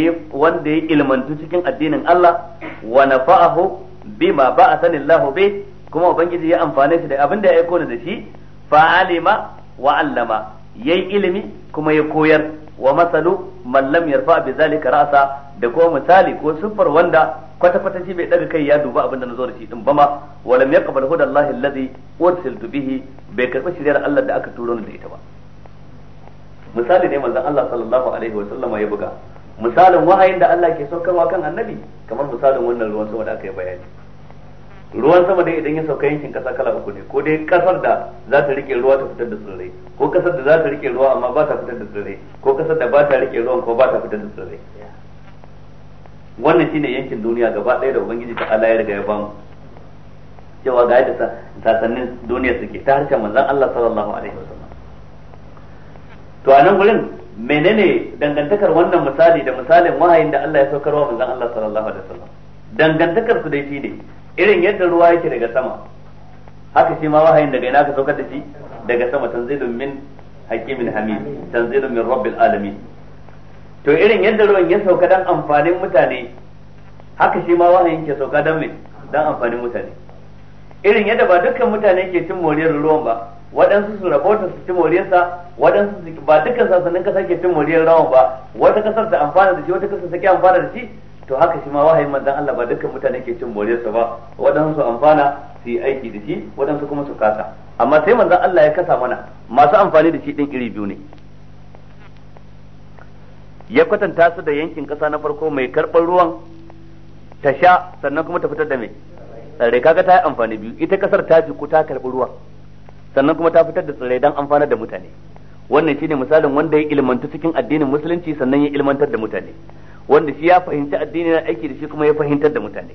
ya ilmantu cikin addinin Allah wa nafa'ahu bima a sanin bi kuma ubangiji ya amfane shi da abin da ya aiko da shi fa'alima wa'allama. wa allama yayi ilimi kuma ya koyar wa masalu mallam lam yarfa bi zalika ra'sa da kuma misali ko siffar wanda kwata kwata shi bai daga kai ya duba abin da nazo da shi din ba ma wa lam yaqbal hudallahi alladhi ursiltu bihi bai karba shiriyar Allah da aka turo ni da ita ba misali ne manzon Allah sallallahu alaihi wa sallama ya buga misalin wahayin da Allah ke saukarwa kan annabi kamar misalin wannan ruwan sama da aka yi bayani ruwan sama dai idan ya sauka yankin kasa kala uku ne ko dai kasar da za ta rike ruwa ta fitar da tsirrai ko kasar da za ta rike ruwa amma ba ta fitar da tsirrai ko kasar da ba ta rike ruwan ko ba ta fitar da tsirrai wannan shine yankin duniya gaba ɗaya da ubangiji ta Allah ya riga ya bamu cewa ga yadda sasannin duniya suke ta harshen manzon Allah sallallahu alaihi wasallam to a nan gurin menene dangantakar wannan misali da misalin wahayin da Allah ya saukarwa manzon Allah sallallahu alaihi wasallam dangantakar su dai shine irin yadda ruwa yake daga sama haka shi ma wahayin daga ina ka sauka da shi daga sama tanzilun min hakimin hamid tanzilun min rabbil alamin to irin yadda ruwan ya sauka dan amfanin mutane haka shi ma wahayin ke sauka dan me dan amfanin mutane irin yadda ba dukkan mutane ke cin moriyar ruwan ba waɗansu su rabota su ci moriyarsa waɗansu ba dukkan sassanin kasa ke cin moriyar rawan ba wata kasar ta amfana da shi wata kasar ta ke amfana da shi to haka shi ma wahayin manzon Allah ba dukkan mutane ke cin moriyarsa ba waɗansu amfana su yi aiki da shi waɗansu kuma su kasa amma sai manzon Allah ya kasa mana masu amfani da shi din iri biyu ne ya kwatanta su da yankin ƙasa na farko mai karɓar ruwan ta sha sannan kuma ta fitar da mai tsirrai kaga ta yi amfani biyu ita ƙasar ta jiku ta karɓi ruwa sannan kuma ta fitar da tsirrai don amfanar da mutane wannan shine misalin wanda ya ilmanta cikin addinin musulunci sannan ya ilmantar da mutane wanda shi ya fahimci addini na aiki da shi kuma ya fahimtar da mutane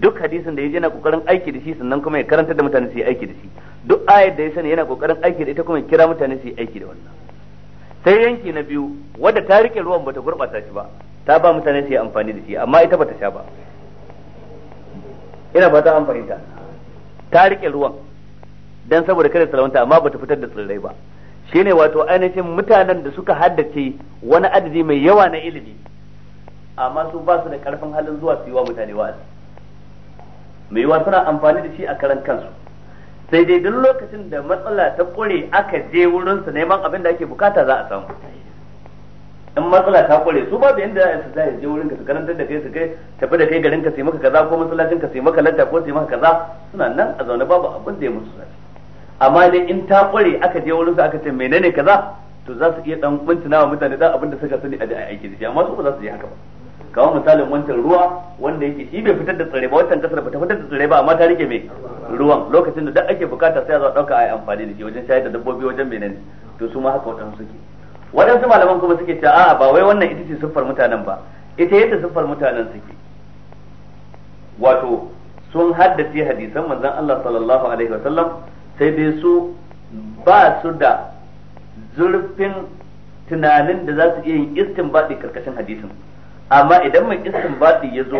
duk hadisin da ya yana kokarin aiki da shi sannan kuma ya karantar da mutane su yi aiki da shi duk ayar da ya sani yana kokarin aiki da ita kuma ya kira mutane su yi aiki da wannan sai yanki na biyu wadda ta rike ruwan bata gurbata shi ba ta ba mutane su yi amfani da shi amma ita bata sha ba ina fata an fahimta ta rike ruwan dan saboda kada salawanta amma bata fitar da tsirrai ba shine wato ainihin mutanen da suka haddace wani adadi mai yawa na ilimi amma su ba su da karfin halin zuwa su yi wa mutane wa'azi mai yawa suna amfani da shi a karan kansu sai dai duk lokacin da matsala ta kure aka je wurin su neman abin da ake bukata za a samu in matsala ta kure su babu inda su za je wurin ka su karantar da kai su kai tafi da kai garin ka sai maka kaza ko masallacin ka sai maka lanta ko sai maka kaza suna nan a zaune babu abin da ya musu zafi amma dai in ta kware aka je wurin aka ce menene kaza to za su iya dan bincina wa mutane da abin da suka sani a aiki da shi amma su ba za su yi haka ba kawo misalin wancan ruwa wanda yake shi bai fitar da tsare ba wancan kasar ba ta fitar da tsare ba amma ta rike mai ruwan lokacin da duk ake bukata sai a zo dauka a yi amfani da shi wajen shayar da dabbobi wajen menene to su ma haka wadansu suke waɗansu malaman kuma suke cewa a'a ba wai wannan ita ce siffar mutanen ba ita yadda siffar mutanen suke wato sun haddace hadisan manzon Allah sallallahu alaihi wasallam sai dai su ba su da zurfin tunanin da za su iya yin istinbadi karkashin hadisin amma idan mai istinbadi ya zo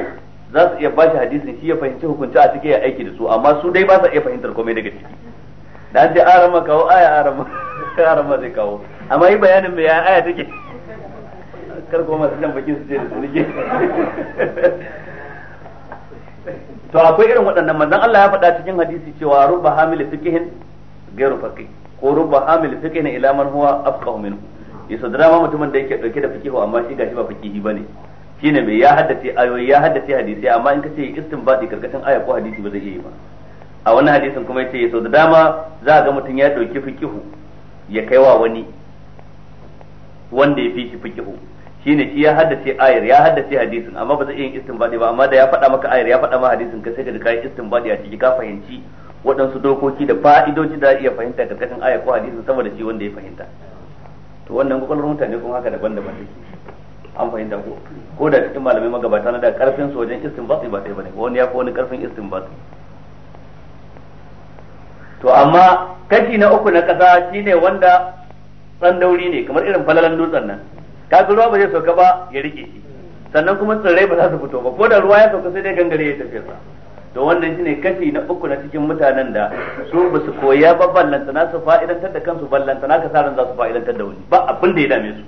za su iya ba shi hadisin shi ya fahimci hukunci a cikin ya aiki da su amma su dai ba su iya fahimtar komai daga ciki da an ce arama kawo aya arama arama zai kawo amma yi bayanin mai aya take kar kuma masu jan bakin su ce da su nake to akwai irin waɗannan manzon Allah ya faɗa cikin hadisi cewa rubba hamil fiqhin gairu faqih ko rubba hamil fiqhin ila man huwa afqahu minhu yasa da dama mutumin da yake dauke da fikihu amma shi gashi ba fikihi bane shine mai ya haddace ayoyi ya haddace hadisi amma in ka ce istinbati karkashin aya ko hadisi ba zai yi ba a wani hadisin kuma yace yasa da dama za ga mutum ya dauki fikihu ya kaiwa wani wanda ya fi shi fiqihu shine shi ya haddace ayar ya haddace hadisin amma ba zai iya yin istinbadi ba amma da ya faɗa maka ayar ya faɗa ma hadisin ka sai ka kai istinbadi a ciki ka fahimci waɗansu dokoki da fa'idoji da za a iya fahimta kashin ayar ko hadisin saboda shi wanda ya fahimta to wannan kwakwalwar mutane kuma haka daban-daban take an fahimta ko ko da cikin malamai magabata na da karfin su wajen istinbadi ba sai bane wani ya fi wani karfin istinbadi to amma kashi na uku na kasa shine wanda dauri ne kamar irin falalan dutsen nan kaga ruwa ba zai sauka ba ya rike shi sannan kuma tsirrai ba za su fito ba ko da ruwa ya sauka sai dai gangare ya tafi sa to wannan shine kashi na uku na cikin mutanen da su ba su koya ba ballantana su fa'idantar da kansu ballantana ka sa ran za su fa'idantar da wani ba abin da ya dame su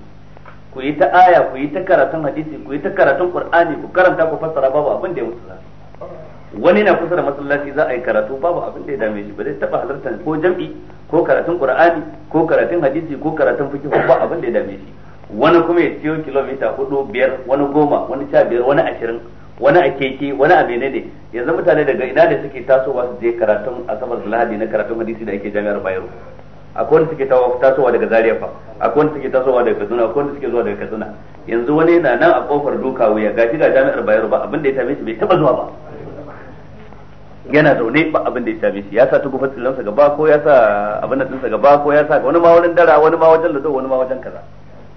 ku yi ta aya ku yi ta karatun hadisi ku yi ta karatun qur'ani ku karanta ku fassara babu abin da ya mutu wani na kusa da masallaci za a yi karatu babu abin da ya dame shi ba zai taba halartar ko jam'i ko karatun qur'ani ko karatun hadisi ko karatun fiqh ba abin da ya dame shi wani kuma ya siyo kilomita hudu biyar wani goma wani sha biyar wani ashirin wani a keke wani a menene yanzu mutane daga ina da suke tasowa su je karatun a da lahadi na karatun hadisi da ake jami'ar bayero akwai wanda suke tasowa daga zaria fa akwai wanda suke tasowa daga kaduna akwai wanda suke zuwa daga kaduna yanzu wani na nan a kofar duka wuya gashi ga jami'ar bayero ba abin da ya same shi bai taba zuwa ba yana zaune ba abin da ya same shi ya sa tugu fasilansa gaba ko ya sa abin da gaba ko ya sa wani ma wani dara wani ma wajen lado wani ma wajen kaza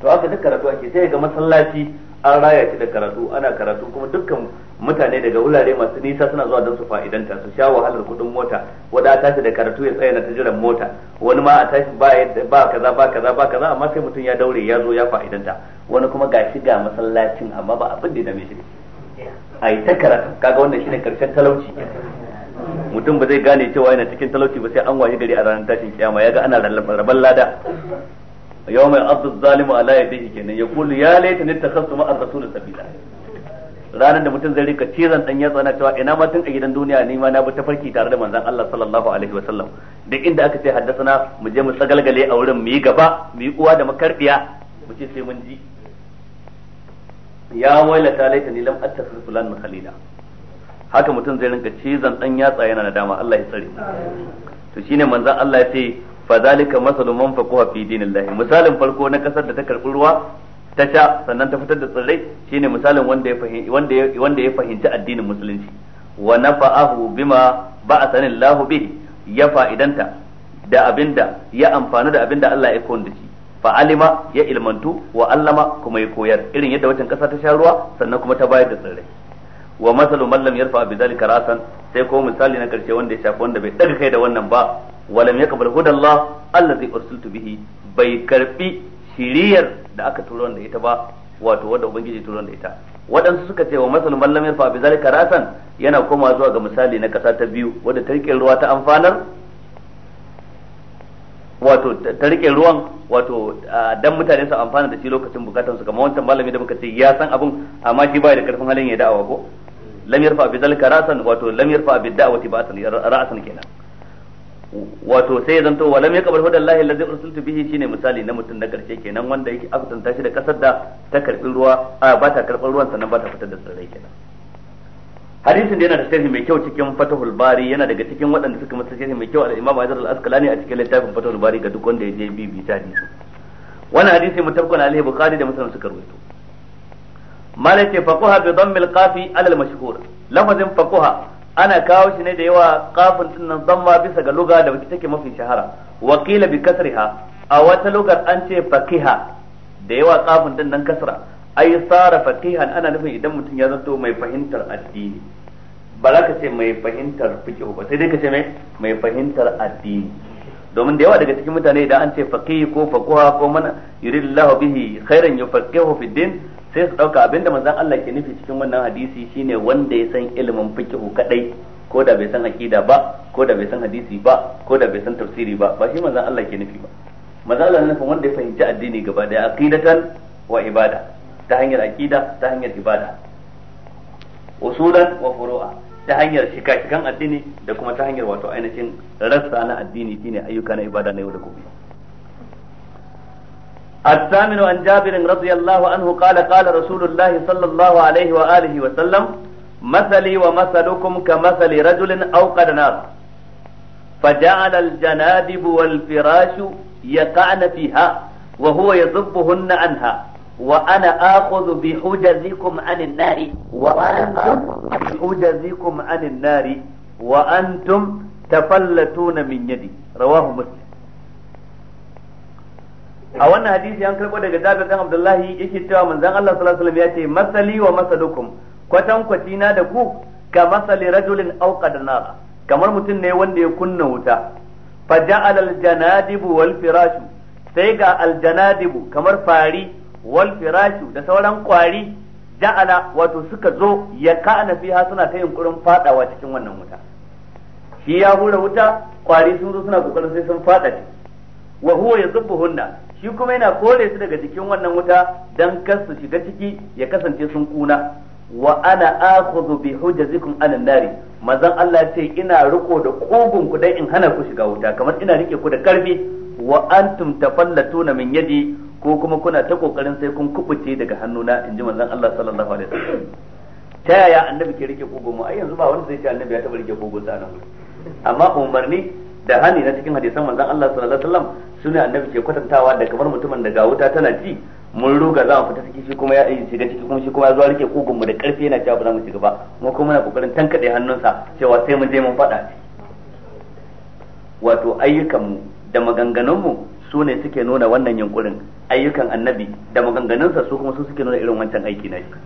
to aka duk karatu ake sai ga masallaci an raya shi da karatu ana karatu kuma dukkan mutane daga wurare masu nisa suna zuwa don su fa'idanta su sha wahalar kudin mota wanda a tashi da karatu ya tsaya na ta jiran mota wani ma a tashi ba ba kaza ba kaza ba kaza amma sai mutum ya daure ya zo ya fa'idanta wani kuma ga ga masallacin amma ba abin da dame a yi ta karatu kaga wannan shine karshen talauci mutum ba zai gane cewa yana cikin talauci ba sai an waye gari a ranar tashin kiyama ya ga ana rabar lada mai ya'addu zalimu ala yadihi kenan yaqulu ya laitani takhastu ma ar-rasul sabila ranar da mutum zai rika cizon dan yatsa na cewa ina ma tun a gidan duniya ni ma na bi tafarki tare da manzan Allah sallallahu alaihi wa sallam duk inda aka ce haddasa mu je mu tsagalgale a wurin mu yi gaba mu yi uwa da makarbiya mu ce sai mun ji ya wailata ni lam attakhidh fulan khalila haka mutum zai rinka cizon dan yatsa yana nadama Allah ya tsare to shine manzon Allah ya ce fa zalika masalu munfaquha fi dinillahi misalin farko na kasar da ta karbi ruwa ta sha sannan ta fitar da tsirrai shine misalin wanda ya fahimci wanda ya wanda ya fahimci addinin musulunci wa nafa'ahu bima ba'athanillahu bihi ya fa'idanta da abinda ya amfanu da abinda Allah ya koyar da shi fa alima ya ilmantu wa allama kuma ya koyar irin yadda wancan kasa ta sha ruwa sannan kuma ta bayar da tsirrai wa masalu man lam yarfa bi zalika rasan sai ko misali na karshe wanda ya shafi wanda bai daga kai da wannan ba walam yakbal Allah allazi ursiltu bihi bai karbi shiriyar da aka turo da ita ba wato wanda ubangiji turo da ita waɗansu suka ce wa masalin mallam yarfa bi zalika rasan yana koma zuwa ga misali na kasa ta biyu wadda ta ruwa ta amfanar wato ta ruwan wato dan mutane su amfana da shi lokacin bukatun su kamar wancan malami da muka ce ya san abun amma shi bai da karfin halin ya da'awa ko lam yarfa bi zalika rasan wato lam yarfa bi da'wati ba'atan ra'san kenan wato sai ya zanto walam ya kabar hudan lahi lazi ursultu bihi shine misali na mutum na karshe kenan wanda yake aka tanta shi da kasar da ta karbi ruwa a ba ta karbar ruwan sannan ba ta fitar da tsirrai kenan hadisin da yana da sharhi mai kyau cikin fatahul bari yana daga cikin waɗanda suka masa sharhi mai kyau al imamu azhar al asqalani a cikin littafin fatahul bari ga duk wanda ya je bibi ta hadisi wannan hadisi mutafakun alaihi bukhari da muslim suka rawaito malaka faqaha bi dhammil qafi ala al mashhur lafazin faqaha ana kawo shi ne da yawa kafin tun nan zamma bisa ga luga da wacce take mafi shahara wakila bi kasriha a wata lugar an ce fakiha da yawa kafin din nan kasra ai sara fakihan ana nufin idan mutum ya zanto mai fahimtar addini ba za ka ce mai fahimtar fiqh ba sai dai ka ce mai fahimtar addini domin da yawa daga cikin mutane idan an ce faqih ko faquha ko man yuridillahu bihi khairan yufaqihu fid din sai su dauka abinda manzon Allah ke nufi cikin wannan hadisi shine wanda ya san ilimin fiqhu kadai ko da bai san aqida ba ko da bai san hadisi ba ko da bai san tafsiri ba ba shi manzon Allah ke nufi ba manzon Allah ne wanda ya fahimci addini gaba daya aqidatan wa ibada ta hanyar aqida ta hanyar ibada usulan wa furu'a ta hanyar shika-shikan addini da kuma ta hanyar wato ainihin rassa na addini shine ayyuka na ibada na yau da gobe الثامن عن جابر رضي الله عنه قال قال رسول الله صلى الله عليه وآله وسلم مثلي ومثلكم كمثل رجل أوقد نار فجعل الجنادب والفراش يقعن فيها وهو يضبهن عنها وأنا آخذ بحجزكم عن النار وأنتم بحجزكم عن النار وأنتم تفلتون من يدي رواه مسلم a wannan hadisi an karɓo daga Jabir dan Abdullahi yake cewa manzon Allah sallallahu alaihi wasallam ya ce masali wa masalukum kwatan kwatina da ku ka masali rajulin awqada nara kamar mutum ne wanda ya kunna wuta fa Ja'al al-janadibu wal firashu sai ga al-janadibu kamar fari wal firashu da sauran kwari ja'ala wato suka zo ya kana fiha suna ta yunkurin fadawa cikin wannan wuta shi ya hura wuta kwari sun zo suna kokarin sai sun fada ciki wa huwa yadhbuhunna shi kuma yana kore su daga jikin wannan wuta dan kar su shiga ciki ya kasance sun kuna wa ana akhudhu bi hujazikum anan nari mazan Allah ce ina riko da kogun ku dan in hana ku shiga wuta kamar ina rike ku da karfi wa antum tafallatuna min yadi ko kuma kuna ta kokarin sai kun kubuce daga hannuna inji manzon Allah sallallahu alaihi wasallam ta yaya annabi ke rike kogon mu ai yanzu ba wanda zai ce annabi ya taba rike kogon sa nan amma umarni da hani na cikin hadisan manzon Allah sallallahu alaihi wasallam su annabi ke kwatantawa da kamar mutumin da ga wuta tana ci mun ruga za mu fita ciki shi kuma ya yi shiga ciki kuma shi kuma ya zo rike kugun mu da karfi yana cewa ba za mu shiga ba mu kuma muna kokarin tankade hannunsa cewa sai mun je mun fada wato ayyukan mu da maganganun mu su ne suke nuna wannan yunkurin ayyukan annabi da maganganunsa su kuma su suke nuna irin wancan aiki na shi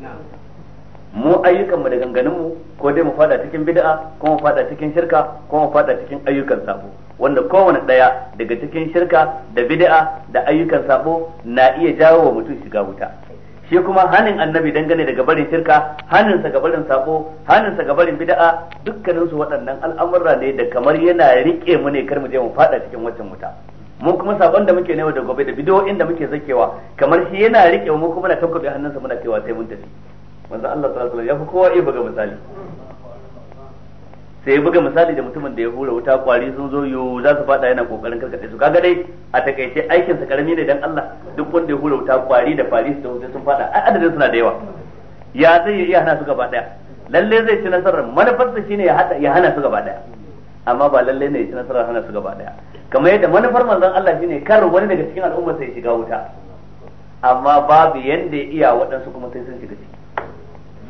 mu ayyukan mu da ganganin mu ko dai mu fada cikin bid'a ko mu fada cikin shirka ko mu fada cikin ayyukan sabo wanda kowane ɗaya daga cikin shirka da bid'a da ayyukan sabo na iya jawo wa mutum shiga wuta shi kuma hannun annabi dangane daga barin shirka hannun sa ga barin sabo hannun sa ga barin bid'a dukkanin waɗannan al'amurra ne da kamar yana rike mu ne kar mu je mu faɗa cikin waccan wuta mu kuma sabon da muke nawa da gobe da bid'oin da muke zakewa kamar shi yana rike mu kuma na tabbabe hannunsa muna cewa sai mun tafi manzo Allah sallallahu alaihi ya fi kowa iya buga misali sai buga misali da mutumin da ya hura wuta kwari sun zo yo za su fada yana kokarin karkace su kaga dai a takaice aikin sa karami ne dan Allah duk wanda ya hura wuta kwari da da su sun fada adadin suna da yawa ya zai iya hana su gaba daya lalle zai ci nasarar manufarsa shine ya hada ya hana su gaba daya amma ba lalle ne ya ci nasarar hana su gaba daya kamar yadda manufar manzon Allah shine kar wani daga cikin al'umma sai shiga wuta amma babu yanda ya iya waɗansu kuma sai sun shiga ciki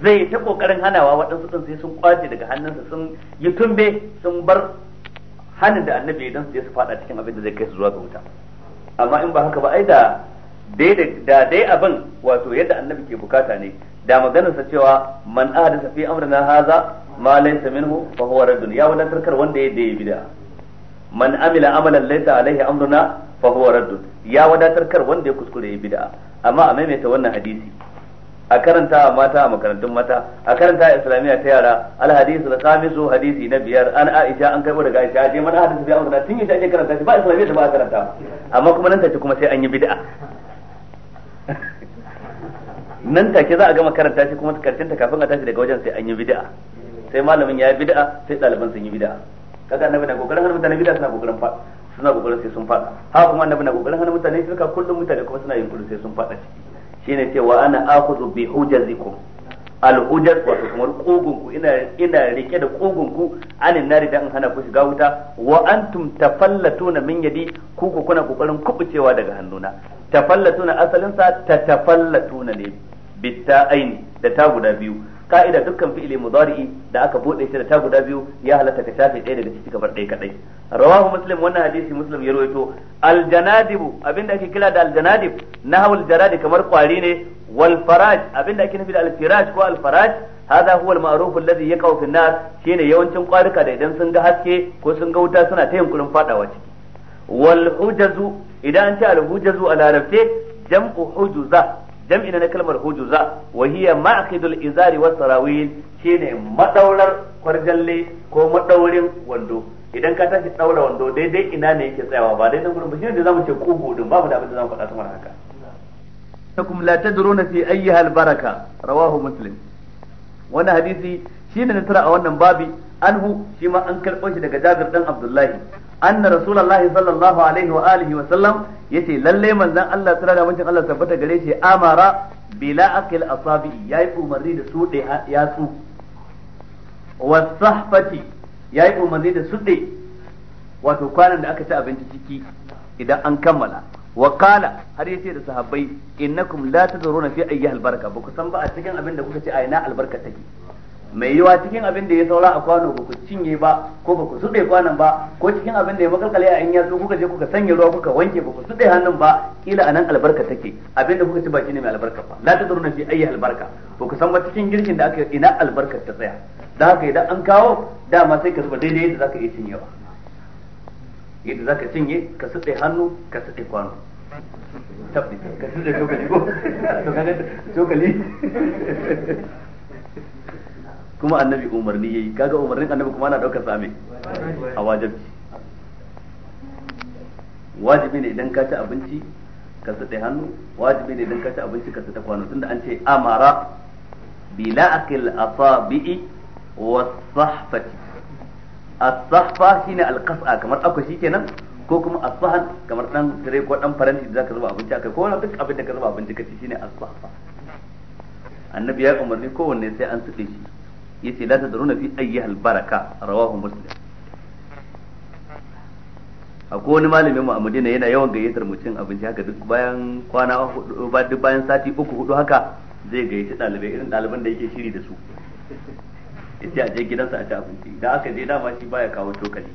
zai ta kokarin hanawa waɗansu sun sai sun kwace daga hannunsa sun yi tumbe sun bar hannun da annabi idan su je su fada cikin abin da zai kai su zuwa ga wuta amma in ba haka ba ai da da dai abin wato yadda annabi ke bukata ne da maganarsa cewa man ahadasa fi amrina haza ma laysa minhu fa huwa raddun ya wannan karkar wanda ya da bid'a man amila amalan laysa alaihi amruna fa huwa raddun ya wadatar kar wanda ya kuskure ya bid'a amma a maimaita wannan hadisi a karanta a mata a makarantun mata a karanta a islamiyya ta yara alhadisu da kamisu hadisi na biyar an aisha an karbo daga aisha je mana hadisu bi amsa tun yace ake karanta shi ba islamiyya da ba a karanta amma kuma nan take kuma sai an yi bid'a nan take za a gama karanta shi kuma karshen ta kafin a tashi daga wajen sai an yi bid'a sai malamin ya yi bid'a sai ɗaliban sun yi bid'a kaga annabi na kokarin hana mutane bid'a suna kokarin fa suna kokarin sai sun faɗa haka kuma annabi na kokarin hana mutane shirka kullum mutane kuma suna yin kullum sai sun faɗa ciki shine wa ana akhudhu bi hujazikum al hujaz wa tumur kugun ina ina rike da kugun ku anin nari dan hana ku shiga wuta wa antum tafallatuna min yadi ku ku kuna kokarin kubucewa daga hannuna tafallatuna asalin sa tatafallatuna ne bitta aini da ta guda biyu ka'ida dukkan fi'ili mudari'i da aka bude shi da ta guda biyu ya halatta ka shafe ɗaya daga ciki kamar ɗaya kadai rawahu muslim wannan hadisi muslim ya rawaito aljanadibu abinda ake kira da aljanadib nahwul jaradi kamar kwari ne wal faraj abinda ake nufi da alfiraj ko alfaraj haza huwa al-ma'ruf alladhi yaqau fi shine yawancin kwarika da idan sun ga haske ko sun ga wuta suna ta yunkurin fadawa ciki wal hujazu idan an ce al hujazu a larabce jam'u hujuzah jam'i na kalmar hujuza wa hiya ma'qidul izari was sarawil shine madaurar kwarjalle ko madaurin wando idan ka tashi daura wando daidai ina ne yake tsayawa ba daidai gurin ba shine da zamu ce kugu din babu da abin da zamu faɗa kamar haka takum la tadruna fi ayyiha baraka rawahu muslim wannan hadisi shine na tara a wannan babi anhu shi ma an karɓo shi daga Jabir dan Abdullahi anna rasulullahi sallallahu alaihi wa alihi wa sallam yace lalle manzon Allah tsira da mutum Allah tabbata gare shi amara bila aqil asabi yayi umarni da sude yatsu wa sahfati yayi umarni da sude wato kwanan da aka ci abinci ciki idan an kammala wa qala har yace da sahabbai innakum la tadruna fi ayyihal albarka ba ku san ba a cikin abin da kuka ci a ina albarka take mai yiwa cikin abin da ya saura a kwano ba ku cinye ba ko ba ku suɗe kwanan ba ko cikin abin da ya makalkale a yan yatsu kuka je kuka sanya ruwa kuka wanke ba ku suɗe hannun ba kila anan albarka take abin da kuka ci ba shine mai albarka ba la tadruna shi ayi albarka ba ku san ba cikin girkin da aka yi ina albarka ta tsaya da haka idan an kawo dama sai ka zuba daidai yadda zaka iya cinyewa yadda zaka cinye ka suɗe hannu ka suɗe kwano tabbata ka suɗe cokali ko cokali kuma annabi umarni yayi kaga umarnin annabi kuma ana daukar sa a wajibi wajibi ne idan ka ci abinci ka tsaye hannu wajibi ne idan ka ci abinci ka tsaye kwano tunda an ce amara bila akil asabi'i wa sahfati as-sahfa shine al-qas'a kamar akwai kenan ko kuma as-sahan kamar dan tire ko dan faranti da zaka zuba abinci akai ko duk abin da ka zuba abinci ka ci shine as-sahfa annabi ya umarni kowanne sai an sade shi yace la tadruna fi al baraka rawahu muslim akwai wani malamin mu a Madina yana yawan gayyatar mu cin abinci haka duk bayan kwana hudu ba duk bayan sati uku hudu haka zai gayyaci dalibai irin daliban da yake shiri da su yace a je gidansa a ci abinci da aka je dama shi baya kawo tokali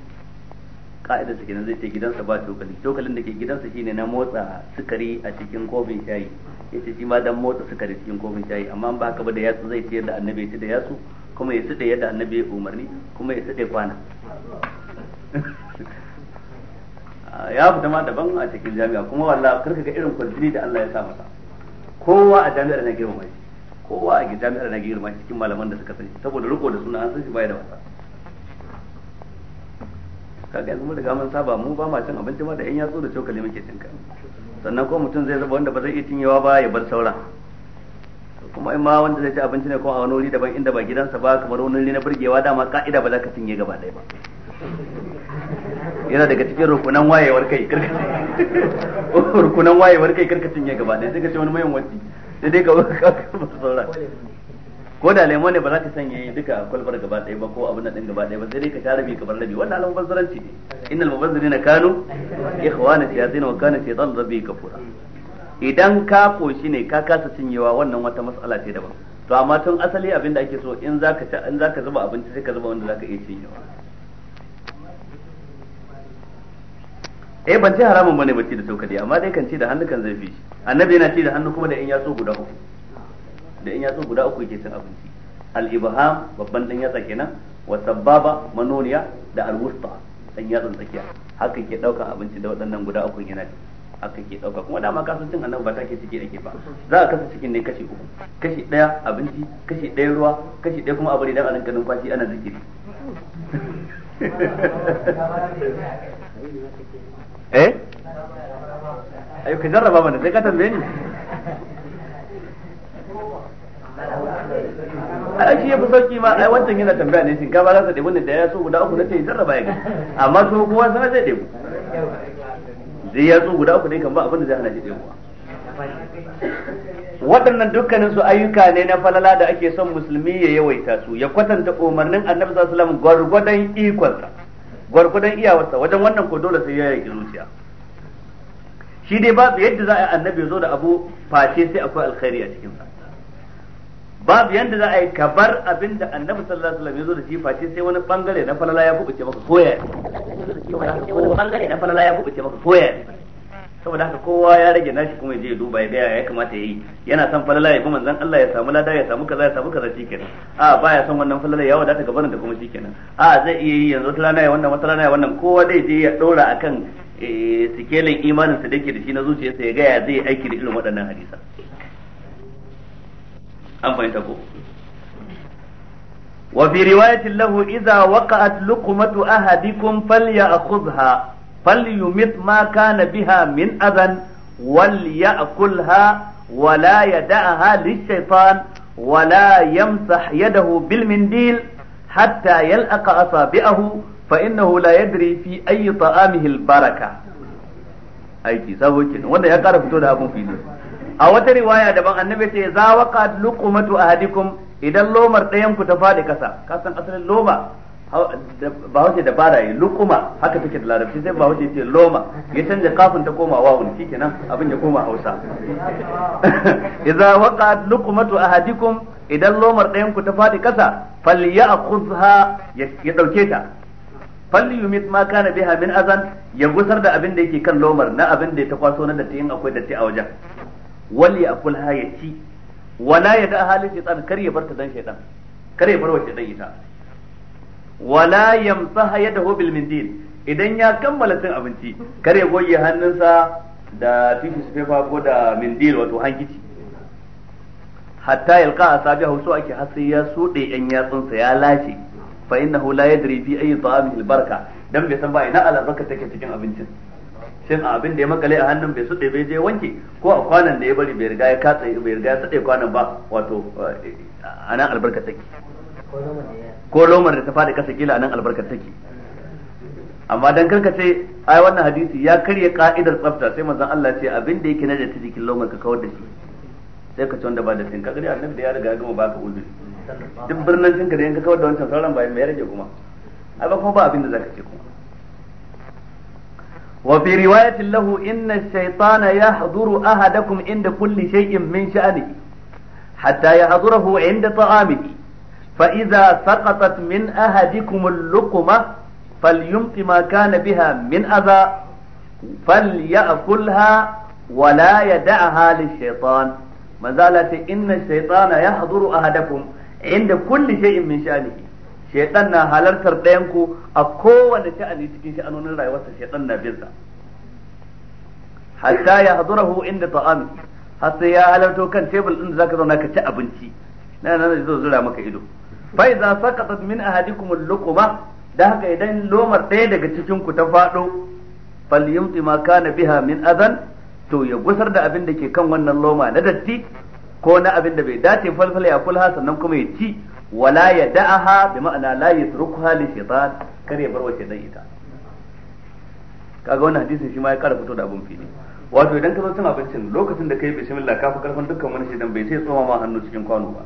ka'idarsa kenan zai ce gidansa ba tokali tokalin da ke gidansa shine na motsa sukari a cikin kofin shayi yace shi ma dan motsa sukari cikin kofin shayi amma ba haka ba da yatsu zai ciyar da annabi ya ci da yatsu kuma ya tsade yadda annabi ya umarni kuma ya tsade kwana ya fita ma daban a cikin jami'a kuma wallah karka ga irin kwaljini da Allah ya sa masa kowa a jami'ar na girma shi kowa a jami'ar na girma shi cikin malaman da suka sani saboda riko da suna an san shi baya da wasa kaga yanzu mun riga mun saba mu ba ma cin abinci ma da yan yatsu da cokali muke cin sannan ko mutum zai zaba wanda ba zai iya cinyewa ba ya bar sauran kuma in ma wanda zai ci abinci ne ko a wani wuri daban inda ba gidansa ba kamar wani wuri na burgewa dama ka'ida ba za ka cinye gaba ɗaya ba yana daga cikin rukunan wayewar kai rukunan wayewar kai karkacin cinye gaba ɗaya sai ka ce wani mayan wanci sai dai ka ba saura ko da lemo ne ba za ka sanya duka kwalbar gaba ɗaya ba ko abin nan gaba ɗaya ba sai dai ka tara mai kamar labi wannan alamun bazzaranci ne innal mubazzirina kanu ikhwana shayatin wa kana shaytan rabbi kafura idan ka koshi ne ka kasa cinyewa wannan wata mas'ala ce daban to amma tun asali abin da ake so in zaka ci in zaka zuba abinci sai ka zuba wanda zaka iya cinyewa eh ban ce haramun bane bacci da dai amma dai kan ci da hannu kan zai fi annabi yana ci da hannu kuma da in yatsu guda uku da in yatsu guda uku yake cin abinci al-ibham babban dan yatsa kenan wa sababa manuniya da al-wusta dan yatsan tsakiya haka ke dauka abinci da waɗannan guda uku yana ci aka ke dauka kuma dama kasuwancin annabi ba take ciki ake ba za a kasa cikin ne kashi uku kashi daya abinci kashi daya ruwa kashi daya kuma abari dan a rinka numfashi ana zikiri eh ayo ka jarraba mana sai ka tambaye ni ai shi fi sauki ma ai wancan yana tambaya ne shinkafa za ta ɗebi ne da ya so guda uku na ce jarraba ya gani amma so kowa sana zai ɗebi da ya tsu guda uku ne kan ba abin da zai hana shi ɗewa waɗannan dukkanin su ayyuka ne na falala da ake son musulmi ya yawaita su ya kwatanta umarnin annabi sallallahu alaihi wasallam gwargwadon ikonsa gwargwadon iyawarsa wajen wannan ko dole sai ya yi zuciya shi dai ba yadda za a yi annabi ya zo da abu face sai akwai alkhairi a cikinsa babu yanda za a yi kabar abin da annabi sallallahu alaihi wasallam ya zo da shi face sai wani bangare na falala ya kubuce maka koya bangare na falala ya kubuce maka koya saboda haka kowa ya rage nashi kuma ya je duba ya ga ya kamata yayi yana son falala ya bi manzon Allah ya samu lada ya samu kaza ya samu kaza shikenan a baya son wannan falala ya wadata gaban da kuma shikenan a zai iya yi yanzu talana ya wannan wata ya wannan kowa dai je ya dora akan eh, sikelin imanin sa dake da shi na zuciyarsa ya gaya zai aiki da irin waɗannan hadisa an fahimta ko wa fi riwayatin lahu idza waqa'at luqmatu ahadikum falyakhudha falyumit ma kana biha min adan wal ya'kulha wa la yad'aha lish-shaytan wa la yamsah yadahu bil mindil hatta yalqa asabi'ahu fa innahu la yadri fi ayyi ta'amihi al-baraka aiki sabo wanda ya kara fito da abun fili a wata riwaya daban annabi ce za waqa luqmatu ahadikum idan lomar ɗayan ku ta faɗi kasa kasan asalin loma ba wace da fara yi luquma haka take da larabci sai ba wace ce loma ya canza kafin ta koma wawun shikenan abin ya koma Hausa idza waqa luqmatu ahadikum idan lomar ɗayan ku ta faɗi kasa falyakhudha ya dauke ta falli yumit ma kana biha min azan ya gusar da abin da yake kan lomar na abin da ya ta kwaso na datti in akwai datti a wajen wal ya'kulha ya ci wala ya da halin shaytan kar ya barta dan shaytan kar ya barwa shaytan ita wala yamsaha yadahu bil mindil idan ya kammala cin abinci kar ya goye hannunsa da tissue paper ko da mindil wato hankici hatta yalqa asabihu so ake har sai ya sude yan yatsunsa ya lace fa innahu la yadri fi ayi ta'amil albarka dan bai san ba ina albarka take cikin abincin shin a abin da ya makale a hannun bai sude bai je wanke ko a kwanan da ya bari bai riga ya katse bai riga ya sade kwanan ba wato eh, a nan albarka take ko lomar da ta faɗi kasa kila a nan albarka take amma dan karka ce ai wannan hadisi ya karya ka'idar tsafta sai manzon Allah ce abin da yake na da jikin lomar ka kawar da shi sai ka ci wanda ba da tinka gari annabi da ya riga ya gama baka uzuri duk birnin tinka da yanka kawar da wancan sauran bayan mai rage kuma ai ba kuma ba abin da zaka ce kuma وفي رواية له إن الشيطان يحضر أحدكم عند كل شيء من شأنه حتى يحضره عند طعامه فإذا سقطت من أحدكم اللقمة فليمت ما كان بها من أذى فليأكلها ولا يدعها للشيطان ما زالت إن الشيطان يحضر أحدكم عند كل شيء من شأنه shaitan na halartar ɗayan ku a kowane sha'ani cikin sha'anonin rayuwarsa shaitan na bin sa hatta ya hadurahu inda ta'am har ya halarto kan tebul din da zaka zauna ka ci abinci na nan zai zo zura maka ido fa idza saqatat min ahadikum al-luqma da haka idan lomar ɗaya daga cikin ku ta faɗo falyumti ma kana biha min adan to ya gusar da abin da ke kan wannan loma na datti ko na abin da bai dace falfala ya kula sannan kuma ya ci wala ya da'aha bi ma'ana la yatrukuha li shaytan kar ya bar wa dai ita kaga wannan hadisin shi ma ya kara fito da abun fili wato idan ka zo cin abincin lokacin da kai bismillah ka fi karfin dukkan wani shaytan bai sai tsoma ma hannu cikin kwano ba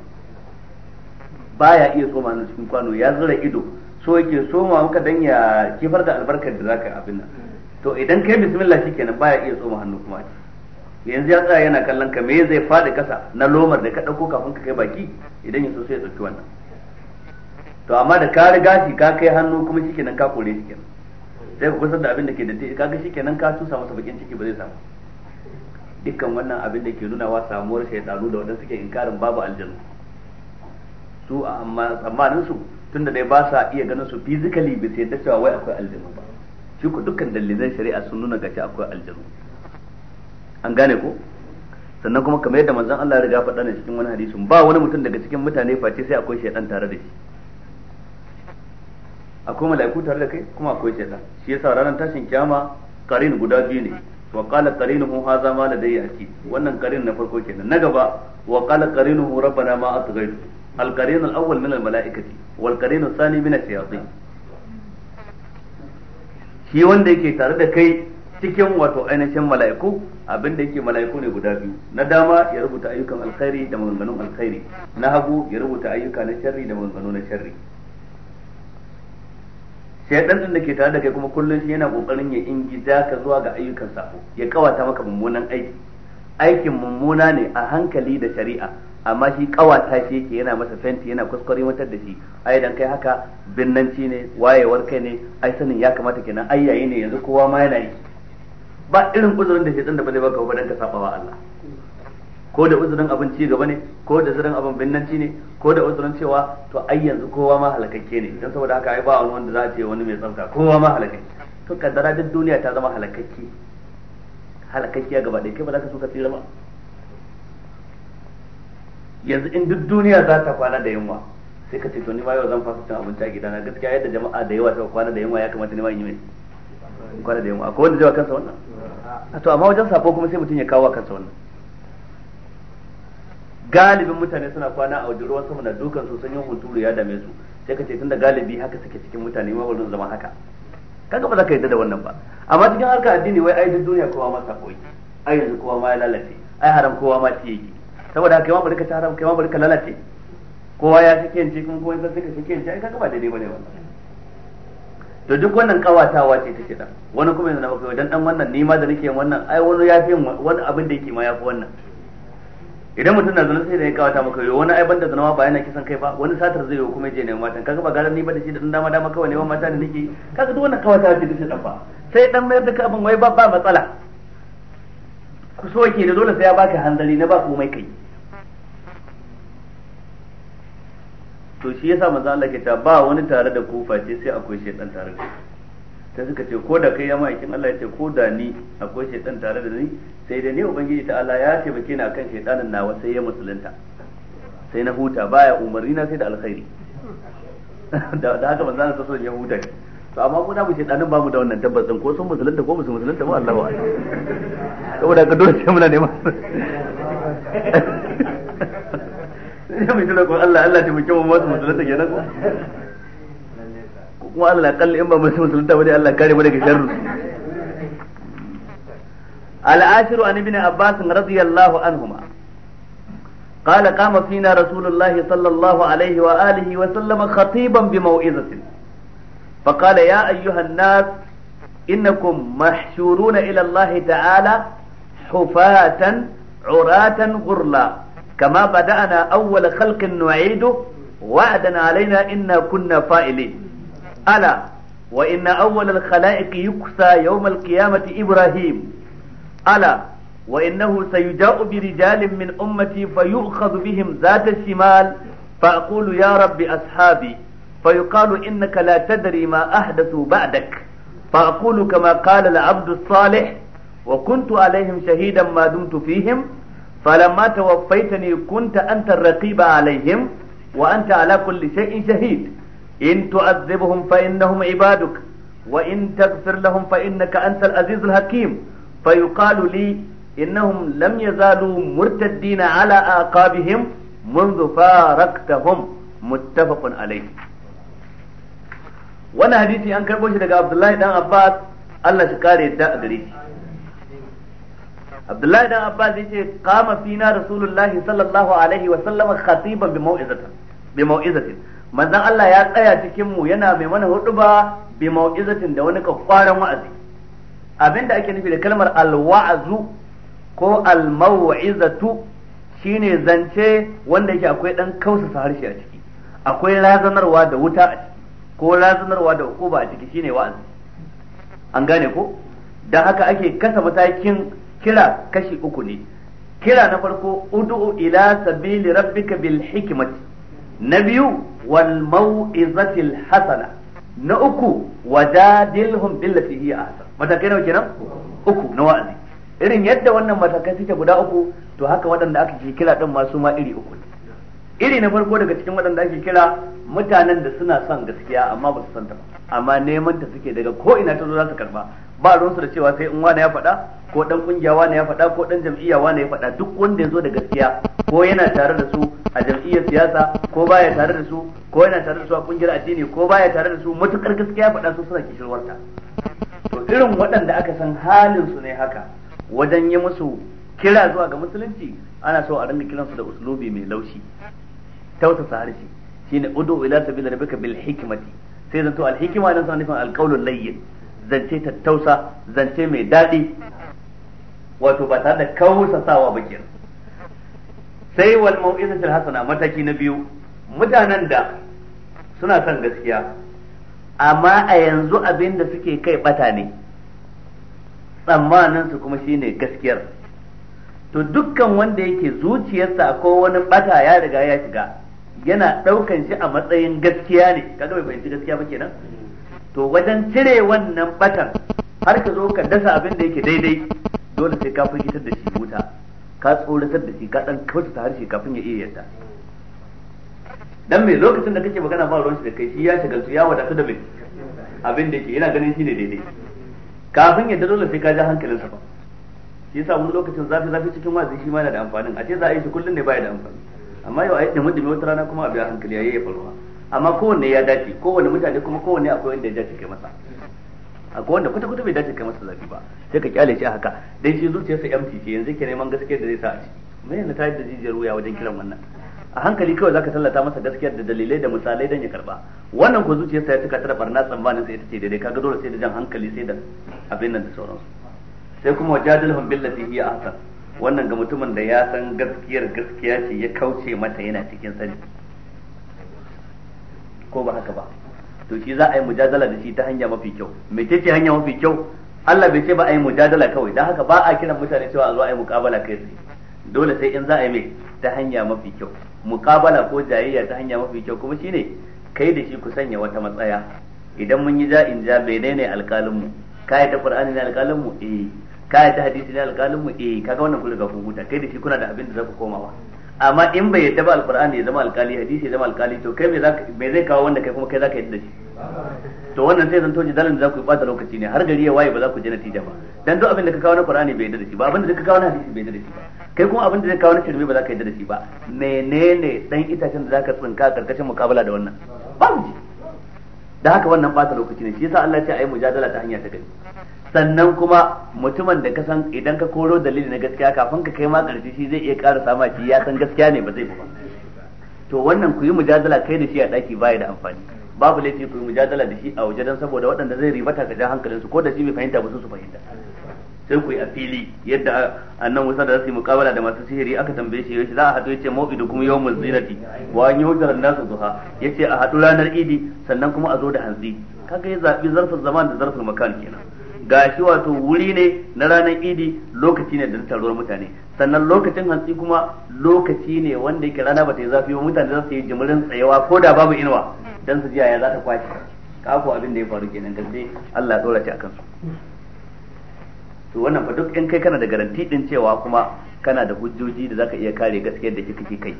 baya iya tsoma hannu cikin kwano ya zura ido so yake soma maka dan ya kifar da albarkar da zaka abin nan to idan kai bismillah shikenan baya iya tsoma hannu kuma ce. yanzu ya tsaya yana kallon ka me zai faɗi kasa na lomar da ka ɗauko kafin ka kai baki idan ya so sai ya ɗauki wannan to amma da ka riga shi ka kai hannu kuma shikenan ka kore shi kenan sai ka kusan da abin da ke da ka ga shikenan ka tusa masa bakin ciki ba zai samu dukkan wannan abin da ke nuna wa samuwar shaytanu da wanda suke inkarin babu aljanna su amma tsammanin su tunda dai ba sa iya ganin su physically bisa yadda cewa wai akwai aljanna ba shi ku dukkan dalilan shari'a sun nuna shi akwai aljanna an gane ko sannan kuma kamar yadda manzon Allah ya riga faɗa ne cikin wani hadisin ba wani mutum daga cikin mutane face sai akwai shaydan tare da shi akwai mala'iku tare da kai kuma akwai shaydan shi yasa ranar tashin kiyama qarin guda biyu ne wa qala qarinuhu hadha ma ladayya aki wannan qarin na farko kenan na gaba wa qala qarinuhu rabbana ma atghaytu al qarin al awwal min al mala'ikati wal qarin al thani min ash shayatin shi wanda yake tare da kai cikin wato ainihin mala'iku abin da yake mala'iku ne guda biyu na dama ya rubuta ayyukan alkhairi da maganganun alkhairi na hagu ya rubuta ayyuka na sharri da maganganu na sharri shaydan din da ke tare da kai kuma kullum shi yana kokarin ya ingiza ka zuwa ga ayyukan sako ya kawata maka mummunan aiki aikin mummuna ne a hankali da shari'a amma shi kawata shi yake yana masa fenti yana kuskure matar da shi ai dan kai haka binnanci ne wayewar kai ne ai sanin ya kamata kenan ai yayi ne yanzu kowa ma yana yi ba irin uzurin da shaitan da ba zai baka ba dan ka saba wa Allah ko da uzurin abin ci gaba ne ko da uzurin abin binnanci ne ko da uzurin cewa to ai yanzu kowa ma halakakke ne dan saboda haka ai ba wani wanda za a ce wani mai tsafta kowa ma halakakke to kaddara duk duniya ta zama halakakke halakakke gaba ɗaya kai ba za ka so ka tsira ba yanzu in duk duniya za ta kwana da yunwa sai ka ce to ni ma yau zan fasa cin abinci a gidana gaskiya yadda jama'a da yawa ta kwana da yunwa ya kamata ni ma in yi mai in kwana da yamma akwai wanda zai kansa wannan a to amma wajen safo kuma sai mutum ya kawo kansa wannan galibin mutane suna kwana a wajen ruwan sama na dukan su yi hunturu ya dame su sai ka ce tunda galibi haka suke cikin mutane ma wurin zama haka kaga ba za ka yarda da wannan ba amma cikin harkar addini wai ai duk duniya kowa ma sako yi ai yanzu kowa ma ya lalace ai haram kowa ma ci yake saboda haka ma bari ka ci haram kai ma bari ka lalace kowa ya shi kiyance kuma kowa ya ka shi kiyance ai kaga ba daidai bane wannan to duk wannan kawatawa ce ta da wani kuma yanzu na maka wajen dan wannan ni ma da nake wannan ai wani ya fi wani abin da yake ma ya fi wannan idan mutum na zaune sai da ya kawata maka yo wani ai banda zanawa ba yana kisan kai ba wani satar zai yi kuma je ne matan kaga ba garan ni ba da shi da dama dama kawai neman mata da nake kaga duk wannan kawatawa ce ta shi ba sai dan mayar da ka abin wai ba ba matsala ku so ke da dole sai ya baka hanzari na ba komai kai to shi yasa manzo Allah ke ta ba wani tare da ku face sai akwai shaytan tare da ta suka ce ko da kai ya ma'aikin Allah ya ce ko da ni akwai shaytan tare da ni sai da ni ubangiji ta Allah ya ce taimake ni akan shaytanin nawa sai ya musulunta sai na huta baya umarni na sai da alkhairi da haka manzo Allah sai ya huta to amma mu da mu shaytanin ba mu da wannan tabbas ko sun musulunta ko musu musulunta ba Allah akbar saboda ka dole sai muna neman mai Allah Allah musulunta kenan ko kuma Allah kalli in ba musulunta ba dai Allah kare daga sharru العاشر عن ابن عباس رضي الله عنهما قال قام فينا رسول الله صلى الله عليه وآله وسلم خطيبا بموئزة فقال يا أيها الناس إنكم محشورون إلى الله تعالى حفاة عراة غرلا كما بدأنا أول خلق نعيده وعدا علينا إنا كنا فائلين ألا وإن أول الخلائق يكسى يوم القيامة إبراهيم ألا وإنه سيجاء برجال من أمتي فيؤخذ بهم ذات الشمال فأقول يا رب أصحابي فيقال إنك لا تدري ما أحدثوا بعدك فأقول كما قال العبد الصالح وكنت عليهم شهيدا ما دمت فيهم فلما توفيتني كنت أنت الرقيب عليهم وأنت على كل شيء شهيد إن تعذبهم فإنهم عبادك وإن تغفر لهم فإنك أنت العزيز الحكيم فيقال لي إنهم لم يزالوا مرتدين على آقابهم منذ فارقتهم متفق عليه وانا حديثي أنكر بوشي لك عبد الله بن عباس الله شكاري الداء قريشي Abdullahi dan Abbas yace qama fina Rasulullahi sallallahu alaihi wa sallam khatiban bi mau'izatin bi mau'izatin manzon Allah ya tsaya cikin mu yana mai mana huduba bi mau'izatin da wani kakwaran wa'azi abinda ake nufi da kalmar alwa'azu ko almau'izatu shine zance wanda yake akwai dan kausasa harshe a ciki akwai razanarwa da wuta a ciki ko razanarwa da hukuba a ciki shine wa'azi an gane ko dan haka ake kasa matakin kira kashi uku ne kira na farko ud'u ila sabili rabbika bil hikmati na biyu wal al hasana na uku wajadilhum billati hiya ahsan matakai nawa kenan uku na wa'azi irin yadda wannan matakai suke guda uku to haka wadanda aka ke kira din ma su ma iri uku iri na farko daga cikin wadanda ake kira mutanen da suna son gaskiya amma ba su santa ba amma neman ta suke daga ko ina ta zo za su karba ba ruwansu da cewa sai in wani ya faɗa ko dan kungiya wani ya faɗa ko dan jam'iyya wani ya faɗa duk wanda ya zo da gaskiya ko yana tare da su a jam'iyyar siyasa ko baya tare da su ko yana tare da su a kungiyar addini ko baya tare da su matukar gaskiya faɗa su suna kishirwarta to irin waɗanda aka san halin su ne haka wajen yi musu kira zuwa ga musulunci ana so a kiran su da uslubi mai laushi tausasa harshe shine udu ila sabila rabbika bil hikmati sai zanto al hikma nan sanan nufin al qawlul layyin zance tattausa zance mai daɗi wato ba tare da sawa ba kenan sai wal mau'izatul hasana mataki na biyu mutanen da suna son gaskiya amma a yanzu abin da suke kai bata ne tsammaninsu su kuma shine gaskiyar to dukkan wanda yake zuciyarsa ko wani bata ya riga ya shiga yana ɗaukan shi a matsayin gaskiya ne kaga bai fahimci gaskiya ba kenan to wajen cire wannan batan har ka zo ka dasa abin da yake daidai dole sai ka firgitar da shi wuta ka tsoratar da shi ka dan ta harshe kafin ya iya yarda dan mai lokacin da kake magana ba ruwan shi da kai shi ya shagaltu ya wadatu da mai abin da yake yana ganin shi ne daidai kafin ya dole sai ka ja hankalinsa ba shi yasa wani lokacin zafi zafi cikin wazi shi ma yana da amfanin a ce za a yi shi kullum ne baya da amfani amma yau a yi da mutum wata rana kuma a biya hankali yayi ya faruwa amma kowanne ya dace kowanne mutane kuma kowanne akwai wanda ya dace kai masa akwai wanda kwata kwata bai dace kai masa zafi ba sai ka kyale shi haka dan shi zuciyarsa yamci ce yanzu ke neman gaskiyar da zai sa a ci me yana tayar da jijiyar wuya wajen kiran wannan a hankali kawai zaka tallata masa gaskiyar da dalilai da misalai dan ya karba wannan ko zuciyarsa ya cika tara barna tsammanin sai ita ce daidai kaga dole sai da jan hankali sai da abin nan da sauransu sai kuma wajadilhum billati hiya ahsan wannan ga mutumin da ya san gaskiyar gaskiya ce ya kauce mata yana cikin sani ko ba haka ba to shi za a yi mujadala da shi ta hanya mafi kyau me ce hanya mafi kyau Allah bai ce ba a yi mujadala kawai dan haka ba a kiran mutane cewa a zo a yi muqabala kai tsaye dole sai in za a yi mai ta hanya mafi kyau muqabala ko jayayya ta hanya mafi kyau kuma shine kai da shi ku sanya wata matsaya idan mun yi ja'in ja bai ne alƙalin mu kai ta qur'ani ne alƙalin mu eh kai ta hadisi ne alƙalin mu eh kaga wannan kullu ga kun huta kai da shi kuna da abin da za ku komawa amma in bai yadda ba alqur'ani ya zama alkali hadisi ya zama alkali to kai me zaka me zai kawo wanda kai kuma kai zaka yadda shi to wannan sai zan toji dalilin da zaku yi bata lokaci ne har gari ya waye ba za ku je natija ba dan duk abin da ka kawo na qur'ani bai yadda da shi ba abin da ka kawo na hadisi bai yadda da shi ba kai kuma abin da zai kawo na shirme ba za ka yadda da shi ba menene dan itacen da zaka tsinka karkashin mukabala da wannan babu da haka wannan bata lokaci ne shi yasa Allah ya ce ayi mujadala ta hanya ta gani sannan kuma mutumin da ka san idan ka koro dalili na gaskiya kafin ka kai ma karshe shi zai iya ƙara sama shi ya san gaskiya ne ba zai ba to wannan ku yi mujadala kai da shi a daki baya da amfani babu laifi ku yi mujadala da shi a waje dan saboda waɗanda zai ribata ka hankalinsu ko da shi bai fahimta ba su su fahimta sai ku yi a fili yadda annan musa da zasu mukabala da masu sihiri aka tambaye shi yace za a haɗu yace da kuma yawmul zinati wa an yuhdar nasu ya yace a haɗu ranar idi sannan kuma a zo da hanzi kaga ya zabi zarfin zaman da zarfin makan kenan gashi wato wuri ne na ranar idi lokaci ne da ta taruwar mutane sannan lokacin hantsi kuma lokaci ne wanda yake rana ba ta yi zafi ba mutane za su yi jimirin tsayawa ko da babu inuwa don su ji ya za ta kwashe, kako abin da ya faru kenan da sai Allah ya dora ta akan to wannan fa duk in kai kana da garanti din cewa kuma kana da hujjoji da zaka iya kare gaskiyar da kike kai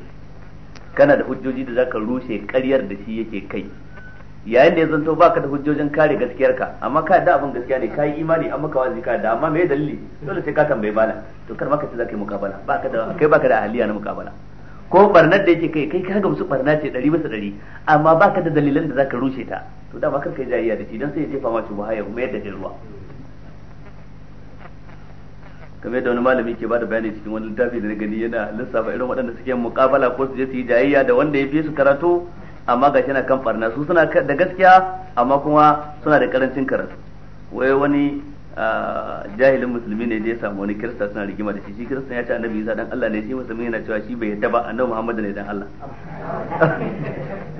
kana da hujjoji da zaka rushe ƙaryar da shi yake kai yayin da ya zanto baka da hujjojin kare gaskiyarka amma ka da abin gaskiya ne kai imani amma ka wazi ka da amma me dalili dole sai ka tambaye bala to kar maka ce zaka yi mukabala baka da kai baka da ahliya na mukabala ko barnar da yake kai kai ka gamsu barna ce 100 bisa 100 amma baka da dalilan da zaka rushe ta to dama kar kai jayayya da shi dan sai ya jefa ma shubha ya kuma yadda kai ruwa kamar yadda wani malami ke bada bayani cikin wani littafi da na gani yana lissafa irin waɗanda suke mukabala ko su je su yi jayayya da wanda ya fi su karatu amma ga shi na kan farna su suna da gaskiya amma kuma suna da karancin karatu wai wani jahilin musulmi ne da ya samu wani kirista suna rigima da shi shi kirista ya ce annabi isa dan Allah ne shi musulmi yana cewa shi bai yadda ba annabi Muhammad ne dan Allah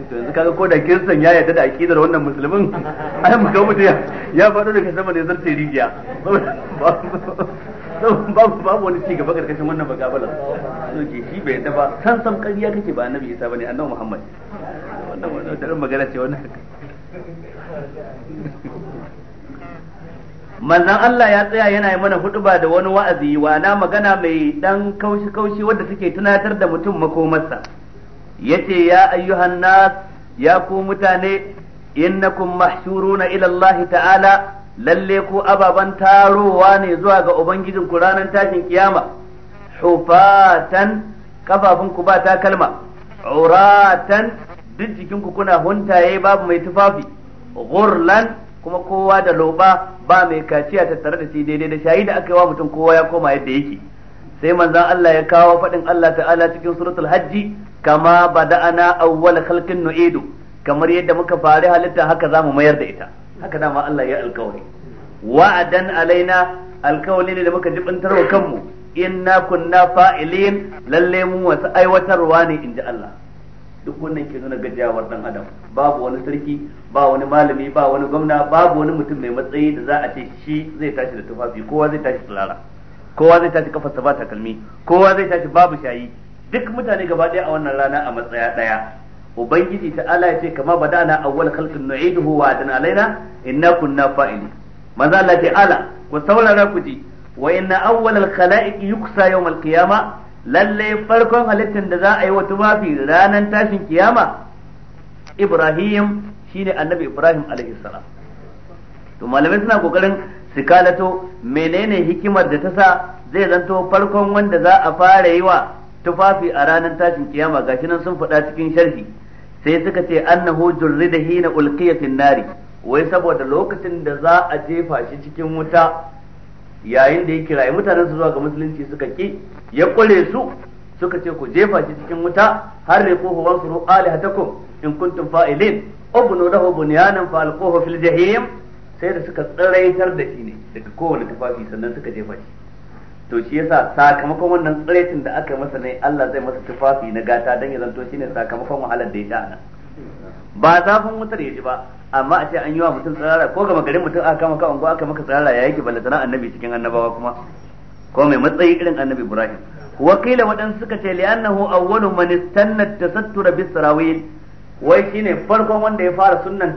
to yanzu kaga ko da kirista ya yadda da akidar wannan musulmin ai mu ga mutiya ya faɗo daga sama ne zarce rigiya babu manzan Allah ya tsaya yana yi mana hutuba da wani wa'azi na magana mai ɗan kaushi kaushi wadda take tunatar da mutum makomarsa yace ya ayyuhan nas ya ku mutane innakum mahshuruna ila Allah ta'ala lalle ko ababen tarowa ne zuwa ga ubangijin ku ranar tashin kiyama hufatan kafafun ku ba takalma uratan duk jikin ku kuna huntaye babu mai tufafi gurlan kuma kowa da loba ba mai kaciya tattare da shi daidai da shayi da aka yi wa mutum kowa ya koma yadda yake sai manzon Allah ya kawo faɗin Allah ta'ala cikin suratul hajji kama bada'ana awwal khalqin nu'idu kamar yadda muka fari halitta haka za mu mayar da ita haka dama Allah ya alkawari wa'adan alaina alkawari ne da muka jibantar wa kanmu inna kunna fa'ilin lalle mu wasu aiwatarwa ne in ji Allah duk wannan ke nuna gajiyawar dan adam babu wani sarki ba wani malami ba wani gwamna babu wani mutum mai matsayi da za a ce shi zai tashi da tufafi kowa zai tashi tsirara kowa zai tashi kafarsa ba takalmi kowa zai tashi babu shayi duk mutane gaba ɗaya a wannan rana a matsaya ɗaya ubangiji ta ala ya ce kama badana awwal khalqin nu'iduhu wa adana alaina inna kunna fa'ili manzo Allah ce ala ku saurara ku ji wa inna awwal al khalaiq yuksa yawm al qiyama lalle farkon halittar da za a yi wa tufafi ranar tashin kiyama Ibrahim shine annabi Ibrahim alaihi salam to malamai suna kokarin su kalato menene hikimar da ta sa zai zanto farkon wanda za a fara yi wa tufafi a ranar tashin kiyama gashi nan sun faɗa cikin sharhi sai suka ce annahu jurrida hina ulqiya fin nari wai saboda lokacin da za a jefa shi cikin wuta yayin da ya kirayi mutanen su zuwa ga musulunci suka ki ya kure su suka ce ku jefa shi cikin wuta har riqu huwa suru alihatakum in kuntum fa'ilin ubnu lahu bunyanan fa alquhu fil jahim sai da suka tsiraitar da shi ne daga kowane tufafi sannan suka jefa shi to shi yasa sakamakon wannan tsiretin da aka masa ne Allah zai masa tufafi na gata dan ya zanto shine sakamakon wahalar da ya sha nan ba zafin wutar ya ji ba amma a ce an yi wa mutum tsirara ko ga magarin mutum aka maka ungo aka maka tsirara ya yake ballata annabi cikin annabawa kuma ko mai matsayi irin annabi Ibrahim wakila waɗansu suka ce li'annahu awwalu man istanna tasattur bis sarawil wai shine farkon wanda ya fara sunnan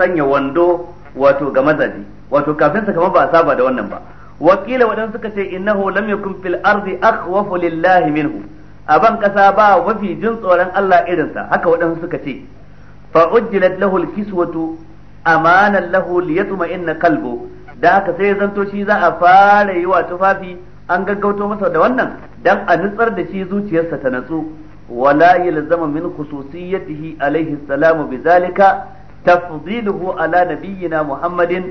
sanya wando wato ga mazaji wato kafin sa kamar ba saba da wannan ba wakila wadan suka ce innahu lam yakun fil ardi akhwafu lillahi minhu a ban ƙasa ba mafi jin tsoron Allah irinsa haka wadan suka ce fa ujjilat amanar Lahuli ya amanan lahu liyatma'inna qalbu da aka sai zanto shi za a fara yi wa tufafi an gaggauto masa da wannan dan a nutsar da shi zuciyarsa ta natsu wala yalzama min khususiyatihi alaihi salamu bizalika tafdiluhu ala nabiyyina muhammadin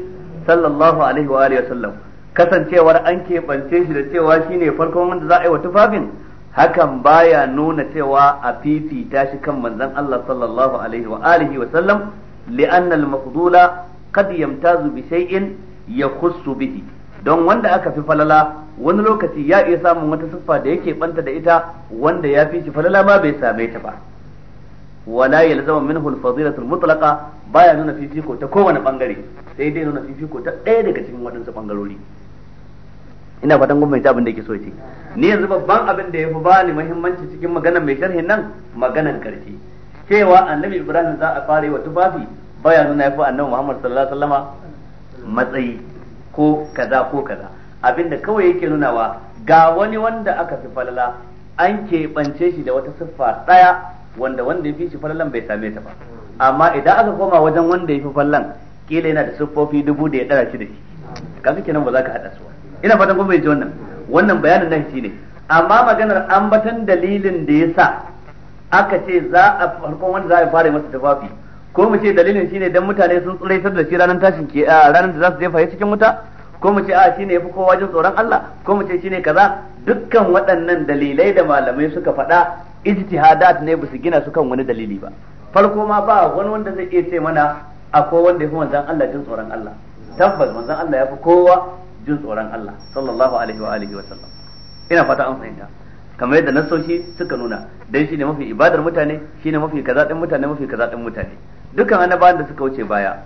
sallallahu alaihi wa alihi wa kasancewar an keɓance shi da cewa shine farkon wanda za a yi wa tufafin hakan baya nuna cewa a fifita shi kan manzon Allah sallallahu alaihi wa alihi wa sallam li'anna al qad yamtazu bi shay'in yakhussu bihi don wanda aka fi falala wani lokaci ya iya samun wata siffa da yake banta da ita wanda ya fi shi falala ma bai same ta ba wala min minhu al-fadilatu al-mutlaqa baya nuna fifiko ta kowane bangare sai dai nuna fifiko ta ɗaya daga cikin waɗansu bangarori ina fatan kun bai abin da yake so ce ni yanzu babban abin da yafi ba ni muhimmanci cikin maganar mai sharhin nan maganar karshe cewa annabi ibrahim za a fara yi wa tufafi baya nuna yafi annabi muhammad sallallahu alaihi wasallama matsayi ko kaza ko kaza abinda kawai yake nunawa ga wani wanda aka fi falala an keɓance shi da wata siffa ɗaya wanda wanda ya fi shi falalan bai same ta ba amma idan aka koma wajen wanda ya fi falalan kila yana da siffofi dubu da ya ɗara shi da shi kaga kenan ba za ka haɗa su ina fatan kun fahimci wannan wannan bayanin nan ne amma maganar ambatan dalilin da ya sa aka ce za a farkon wanda za a fara masa tufafi ko mu ce dalilin shine dan mutane sun tsiraitar da shi ranar tashin ke ranar da za su jefa cikin wuta ko mu ce a shine yafi kowa jin tsoron Allah ko mu ce shine kaza dukkan waɗannan dalilai da malamai suka faɗa ijtihadat ne su gina su kan wani dalili ba farko ma ba wani wanda zai iya ce mana akwai wanda yafi manzon Allah jin tsoron Allah tabbas manzon Allah yafi kowa jin tsoron Allah sallallahu alaihi wa alihi wa sallam ina fata an fahimta kamar yadda nasoshi suka nuna dan shine mafi ibadar mutane shine mafi kaza din mutane mafi kaza din mutane dukan annabawan da suka wuce baya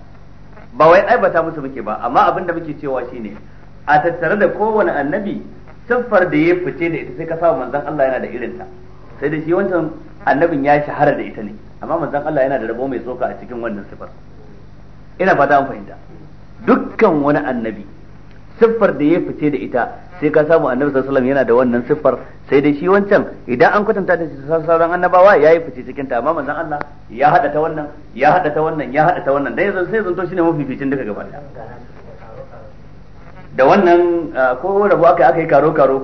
ba wai aibata musu muke ba amma abin da muke cewa shine a tattare da kowane annabi siffar da ya fice da ita sai ka samu manzon Allah yana da irin ta sai da shi wancan annabin ya shahara da ita ne amma manzon Allah yana da rabo mai tsoka a cikin wannan siffar ina fata an fahimta dukkan wani annabi siffar da ya fice da ita sai ka samu annabi sallallahu yana da wannan siffar sai dai shi wancan idan an kwatanta da sauran annabawa yayi fice cikin ta amma manzon Allah ya hada ta wannan ya hada ta wannan ya hada ta wannan dan yanzu sai zanto shine mafificin duka gaba da da wannan ko rabu aka aka yi karo karo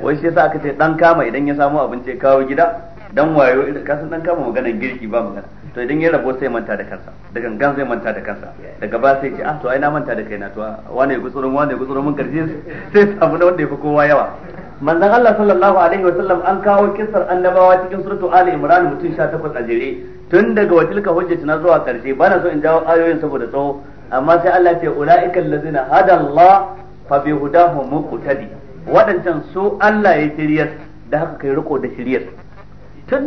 wai shi yasa aka ce dan kama idan ya samu abinci kawo gida dan wayo ka san dan kama maganar girki ba magana to idan ya rabo sai manta da kansa da gangan zai manta da kansa daga ba sai ce ah to ai na manta da kaina to wane ya gutsuro wane ya gutsuro mun karshe sai samu na wanda ya fi kowa yawa manzon Allah sallallahu alaihi wa sallam an kawo kissar annabawa cikin suratu Ali Imran mutum 18 a jere tun daga watilka hujjatuna zuwa karshe bana so in jawo ayoyin saboda tsawo amma sai Allah ya ce ulaiikal ladzina Allah fa hudahum muqtadi wadancan su Allah ya shiryar da haka kai riko da shiryar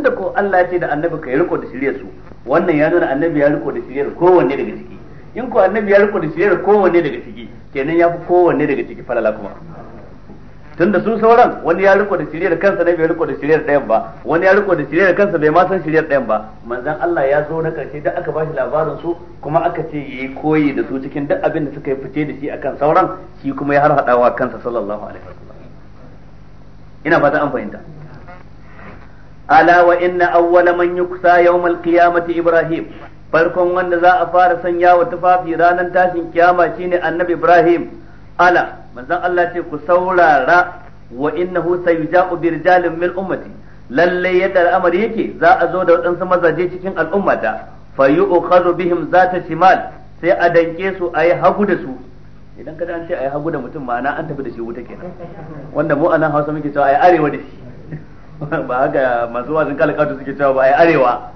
da ko Allah ya ce da annabi kai riko da shiryar su wannan ya nuna annabi ya riko da shiriyar kowanne daga ciki in ko annabi ya riko da shiriyar kowanne daga ciki kenan ya fi kowanne daga ciki falala kuma tunda su sauran wani ya riko da shiriyar kansa ne bai riko da shiriyar ɗayan ba wani ya riko da shiriyar kansa bai ma san shiriyar ɗayan ba manzon Allah ya zo na karshe da aka bashi labarin su kuma aka ce yayi koyi da su cikin duk abin da suka yi fice da shi akan sauran shi kuma ya har kansa sallallahu alaihi wasallam ina fata an fahimta ala wa inna awwala man yuksa yawmal qiyamati ibrahim farkon wanda za a fara sanya wa tufafi ranar tashin kiyama shine annabi ibrahim ala manzon Allah ce ku saurara wa innahu sayuja'u bi rijalin min ummati lalle yadda al'amari yake za a zo da waɗansu mazaje cikin al'ummata fa yu'khadhu bihim zata shimal sai a danke su a yi hagu da su idan ka an ce a yi hagu da mutum ma'ana an tafi da shi wuta kenan wanda mu a nan hausa muke a yi arewa da shi ba haka masu wasan kala kato suke cewa ba ai arewa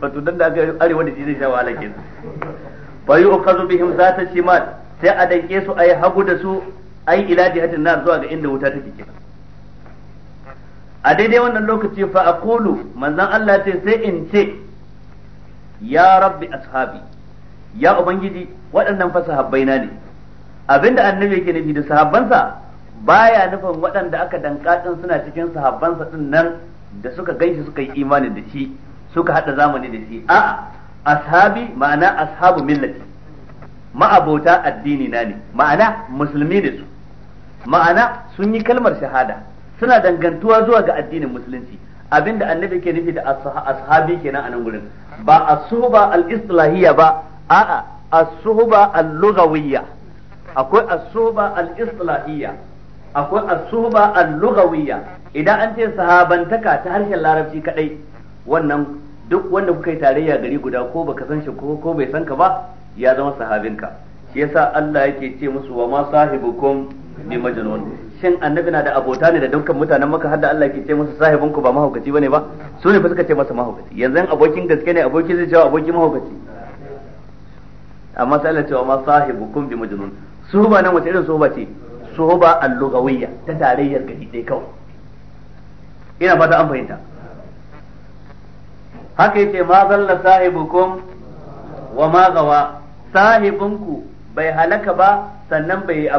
Fatu dan da aka arewa da shi zai sha wahala ke fa yu'khadhu bihim zata shimal sai a danke su ai hagu da su ai ila jihatin nar zuwa ga inda wuta take kenan a daidai wannan lokaci fa aqulu manzan Allah ce sai in ce ya rabbi ashabi ya ubangiji waɗannan fa sahabbaina ne abinda annabi yake nufi da sahabbansa baya nufin waɗanda aka dankatin suna cikin sahabbansa din nan da suka ganshi suka yi imani da shi suka haɗa zamani da shi a'a ashabi ma'ana ashabu millati ma'abota addini na ne ma'ana musulmi ne su ma'ana sun yi kalmar shahada suna dangantuwa zuwa ga addinin musulunci abinda annabi ke nufi da ashabi kenan a nan gurin ba as al-islahiyya ba a'a as al-lughawiyya akwai asuba al-islahiyya akwai asuba al-lughawiyya idan an ce sahabantaka ta harshen larabci kadai wannan duk wanda kuka yi tarayya gari guda ko baka san shi ko ko bai san ka ba ya zama sahabinka shi yasa Allah yake ce musu wa ma sahibukum bi majnun shin annabi na da abota ne da dukkan mutanen maka hadda Allah yake ce musu sahibinku ba mahaukaci bane ba su ne fa suka ce masa mahaukaci yanzu abokin gaske ne abokin zai jawo abokin mahaukaci amma sai Allah ce wa ma sahibukum bi majnun su ba nan wace irin su ba ce suhuba al-lugawiyya ta tarayyar gari dai kawai ina fata an fahimta haka yace ma zalla sahibukum wa ma sahibinku bai halaka ba sannan bai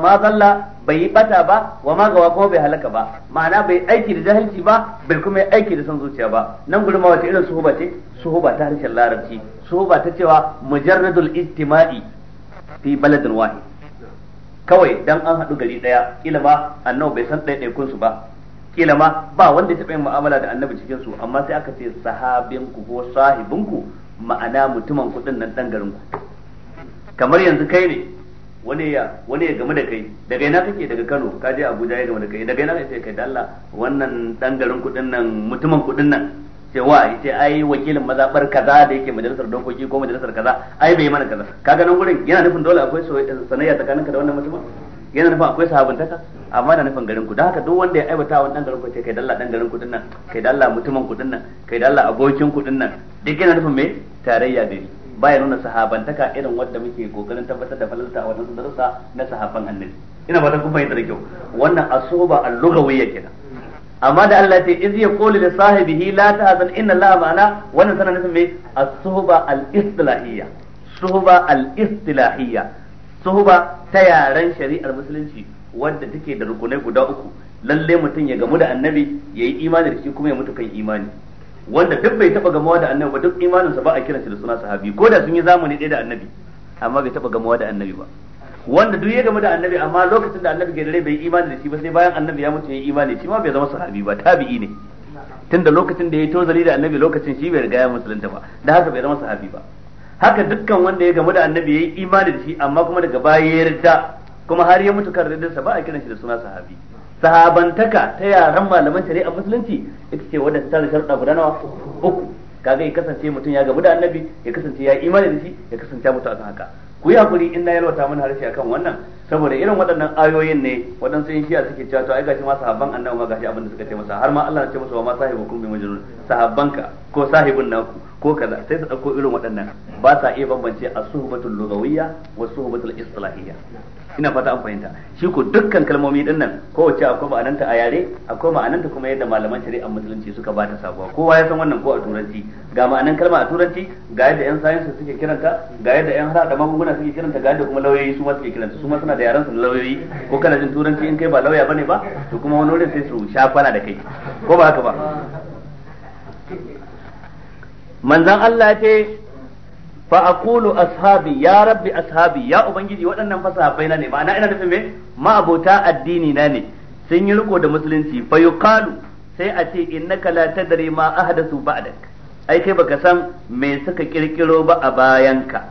ma zalla bai yi bata ba wa ma gawa kuma bai halaka ba ma'ana bai aiki da jahilci ba bai kuma yi aiki da son zuciya ba nan gurin ma wace irin suhuba ce suhuba ta harshen larabci suhuba ta cewa mujarradul ijtima'i fi baladin wahid kawai dan an haɗu gari ɗaya kila ma annabi bai san ɗaiɗaikun su ba kila ma ba wanda ya taɓa yin mu'amala da annabi cikin su amma sai aka ce ku ko sahibinku ma'ana mutumin kuɗin nan ɗan garin ku kamar yanzu kai ne wani ya wani ya game da kai daga ina kake daga Kano ka je Abuja ya game da kai daga ina sai kai da Allah wannan ɗan garin kuɗin nan mutumin kuɗin nan cewa ya ce ai wakilin mazabar kaza da yake majalisar dokoki ko majalisar kaza ai bai mana kaza kaga nan gurin yana nufin dole akwai eh, sanayya tsakaninka da wannan mutumin yana nufin akwai sahabantaka amma na nufin garin ku don haka duk wanda ya aibata wa dan garin ku ce kai dalla dan garin ku dinnan kai dalla mutumin ku dinnan kai dalla abokin ku dinnan duk yana nufin me tarayya gari baya nuna sahabantaka irin wadda muke kokarin tabbatar da falalta a wannan darussa na sahaban annabi ina ba ta kun fahimta da kyau wannan asoba al-lughawiyya kenan amma da Allah ce iz yaqulu li sahibihi la tazan, inna Allah ma'ana wannan tana nufin me as-suhba al-istilahiyya suhba al-istilahiyya suhba ta yaren shari'ar musulunci wanda take da rukunai guda uku lalle mutum ya gamu da annabi yi imani da shi kuma ya mutu kan imani wanda duk bai taba gamuwa da annabi ba duk imaninsa ba a kiransa da suna sahabi ko da sun yi zamani ɗaya da annabi amma bai taba gamuwa da annabi ba wanda duk ya game da annabi amma lokacin da annabi ke da rai bai imani da shi ba sai bayan annabi ya mutu ya yi imani shi ma bai zama sahabi ba tabi'i ne tunda lokacin da ya to zali da annabi lokacin shi bai riga ya musulunta ba da haka bai zama sahabi ba haka dukkan wanda ya game da annabi ya yi imani da shi amma kuma daga baya ya yarda kuma har ya mutu kan sa ba a kiran shi da suna sahabi sahabantaka ta yaran malaman shari'a musulunci ita ce wadda ta sharuɗa guda nawa uku kaga ya kasance mutum ya gamu da annabi ya kasance ya imani da shi ya kasance mutu a haka ku yi hakuri in na yalwata mana harshe akan wannan saboda irin waɗannan ayoyin ne waɗansu yin shiya suke cewa to ai gashi ma sahabban annabi ma gashi abin da suka ce masa har ma Allah ya ce masa ma sahibukum bi majnun ka ko sahibun naku ko kaza sai su dauko irin waɗannan ba sa iya bambance as-suhbatul lughawiyya was-suhbatul islahiyya ina fata an fahimta shi ko dukkan kalmomi din nan kowace akwai ma'ananta a yare akwai ma'ananta kuma yadda malaman shari'a musulunci suka ba ta sabuwa kowa ya san wannan ko a turanci ga ma'anan kalma a turanci ga yadda yan sayansu suke kiranta ga yadda yan hada magunguna suke kiranta ga yadda kuma lauyoyi su ma suke kiranta su ma suna da yaran su lauyoyi ko kana jin turanci in kai ba lauya bane ba to kuma wani wurin sai su shafana da kai ko ba haka ba manzon Allah ya ce fa aqulu ashabi ya rabbi ashabi ya ubangiji waɗannan fasahabai na ne ma'ana ina nufin me ma'abota addini na ne sun yi riko da musulunci fa yuqalu sai a ce innaka la tadri ma ahdathu ba'dak ai kai baka san me suka kirkiro ba a bayanka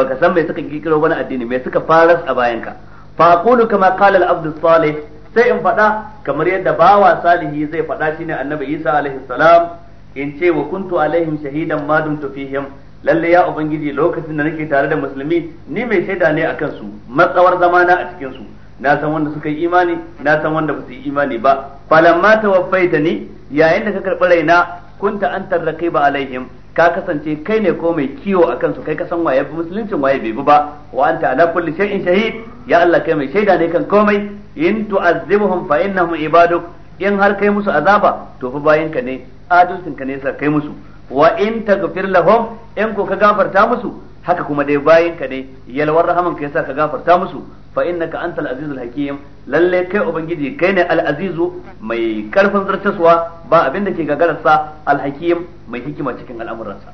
baka san me suka kirkiro ba na addini me suka faras a bayanka fa aqulu kama qala al-abd salih sai in faɗa kamar yadda bawa salihi zai faɗa shine annabi Isa alaihi salam in ce wa kuntu alaihim shahidan ma dumtu fihim lalle ya ubangiji lokacin da nake tare da musulmi ni mai shaida ne kansu kansu matsawar zamana a cikin su na san wanda suka yi imani na san wanda ba su yi imani ba falamma tawaffaita ni yayin da ka karɓi raina kunta antar ba alaihim ka kasance kai ne ko mai kiwo a kansu kai ka san waye musuluncin waye bai bi ba wa anta ala kulli shay'in shahid ya Allah kai mai shaida ne kan komai in tu'azzibuhum fa innahum ibaduk in har kai musu azaba to fa bayinka ne adalcin ka ne sa kai musu wa in taghfir lahum in ko ka gafarta musu haka kuma dai bayin ka ne yalwar rahaman ka yasa ka gafarta musu fa innaka antal azizul hakim lalle kai ubangiji kai ne al azizu mai karfin zartaswa ba abin da ke gagararsa al hakim mai hikima cikin al'amuransa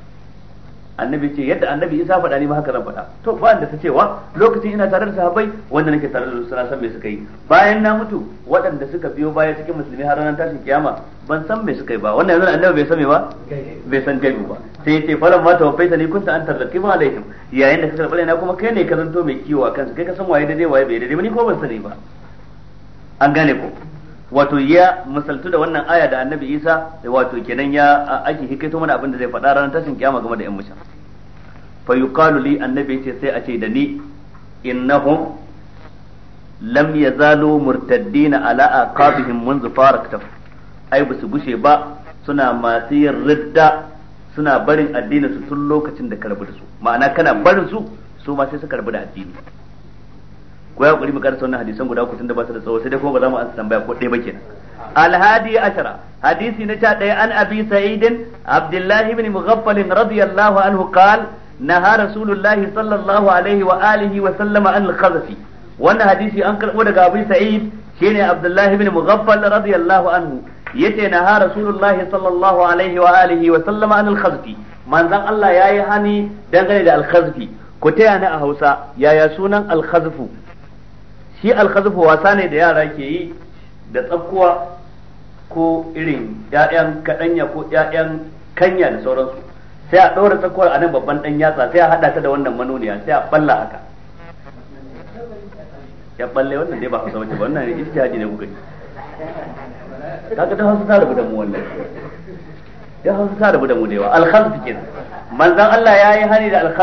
annabi ce yadda annabi isa faɗa ni ma haka zan faɗa to ba da ta cewa lokacin ina tare da sahabbai wanda nake tare da su na san me suka yi bayan na mutu waɗanda suka biyo baya cikin musulmi har ranar tashin kiyama ban san me suka yi ba wannan yanzu annabi bai san me ba bai san gaibu ba sai ya ce falan ma tawaffaita ni kunta an tarraqi ma alaihim yayin da ka karɓi na kuma kai ne ka zanto mai kiwo a kansu kai ka san waye daidai waye bai daidai ba ni ko ban sani ba an gane ko wato ya misaltu da wannan aya da annabi isa wato kenan ya ake hikaito mana abin da zai faɗa ranar tashin kiyama game da yan mushan fa yuqalu li annabi ce sai a ce da ni innahum lam yazalu murtaddina ala aqabihim منذ farakta ai ba su gushe ba suna masu yin ridda suna barin addinin su tun lokacin da karbu da su ma'ana kana barin su su ma sai su karbu da addini ko ya hakuri mu karanta hadisan guda uku tunda ba su da tsawo sai dai kuma ba za mu ansa tambaya ko ɗaya ba kenan alhadi ashara hadisi na sha ɗaya an abi sa'idin abdullahi ibn mughaffal radiyallahu anhu qal naha rasulullahi sallallahu alaihi wa alihi wa sallama an al-qadhafi wannan hadisi an karɓo daga abi sa'id shine abdullahi ibn mughaffal radiyallahu anhu yace naha rasulullahi sallallahu alaihi wa alihi wa sallama an al-khazfi manzon Allah yayi hani dangane da al-khazfi ku taya ni a Hausa yaya sunan al shi alkazufu wasa ne da yara ke yi da tsakkuwa ko irin ya'yan kaɗanya ko ya'yan kanya da sauransu sai a ɗora tsakuwar a nan babban ɗan yatsa sai a haɗa ta da wannan manoniya sai a balla haka ya balle wannan dai ba hausa bace ba wannan ne haji ne kuka yi kaga da hausa ta rabu da mu wannan ya hausa ta rabu da mu da yawa al kenan manzon Allah yayi hani da al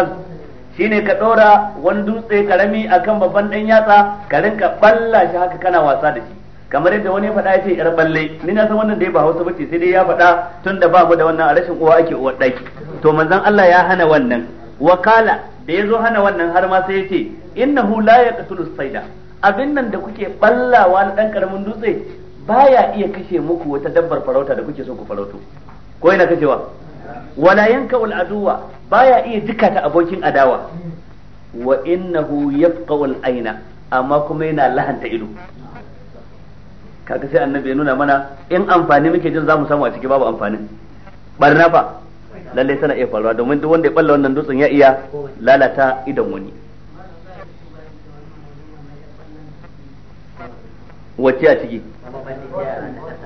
shine ka dora wani dutse karami akan babban dan yatsa ka rinka balla shi haka kana wasa da shi kamar yadda wani ya faɗa ya ce yar balle ni na san wannan ya ba Hausa bace sai dai ya faɗa tun da ba mu da wannan a rashin uwa ake uwar ɗaki to manzon Allah ya hana wannan wakala da ya zo hana wannan har ma sai ya ce innahu la yaqtulu sayda abin nan da kuke ɓallawa na ɗan karamin dutse baya iya kashe muku wata dabbar farauta da kuke so ku farauto ko ina kashewa wala yanka'ul aduwa baya iya jikata abokin adawa wa innahu yafqa'ul aina amma kuma yana lahanta ido kaga sai annabi ya nuna mana in amfani muke jin zamu samu a ciki babu amfanin barna fa lalle tana iya faruwa domin duk wanda ya balla wannan dutsen ya iya lalata idan wani wacce a ciki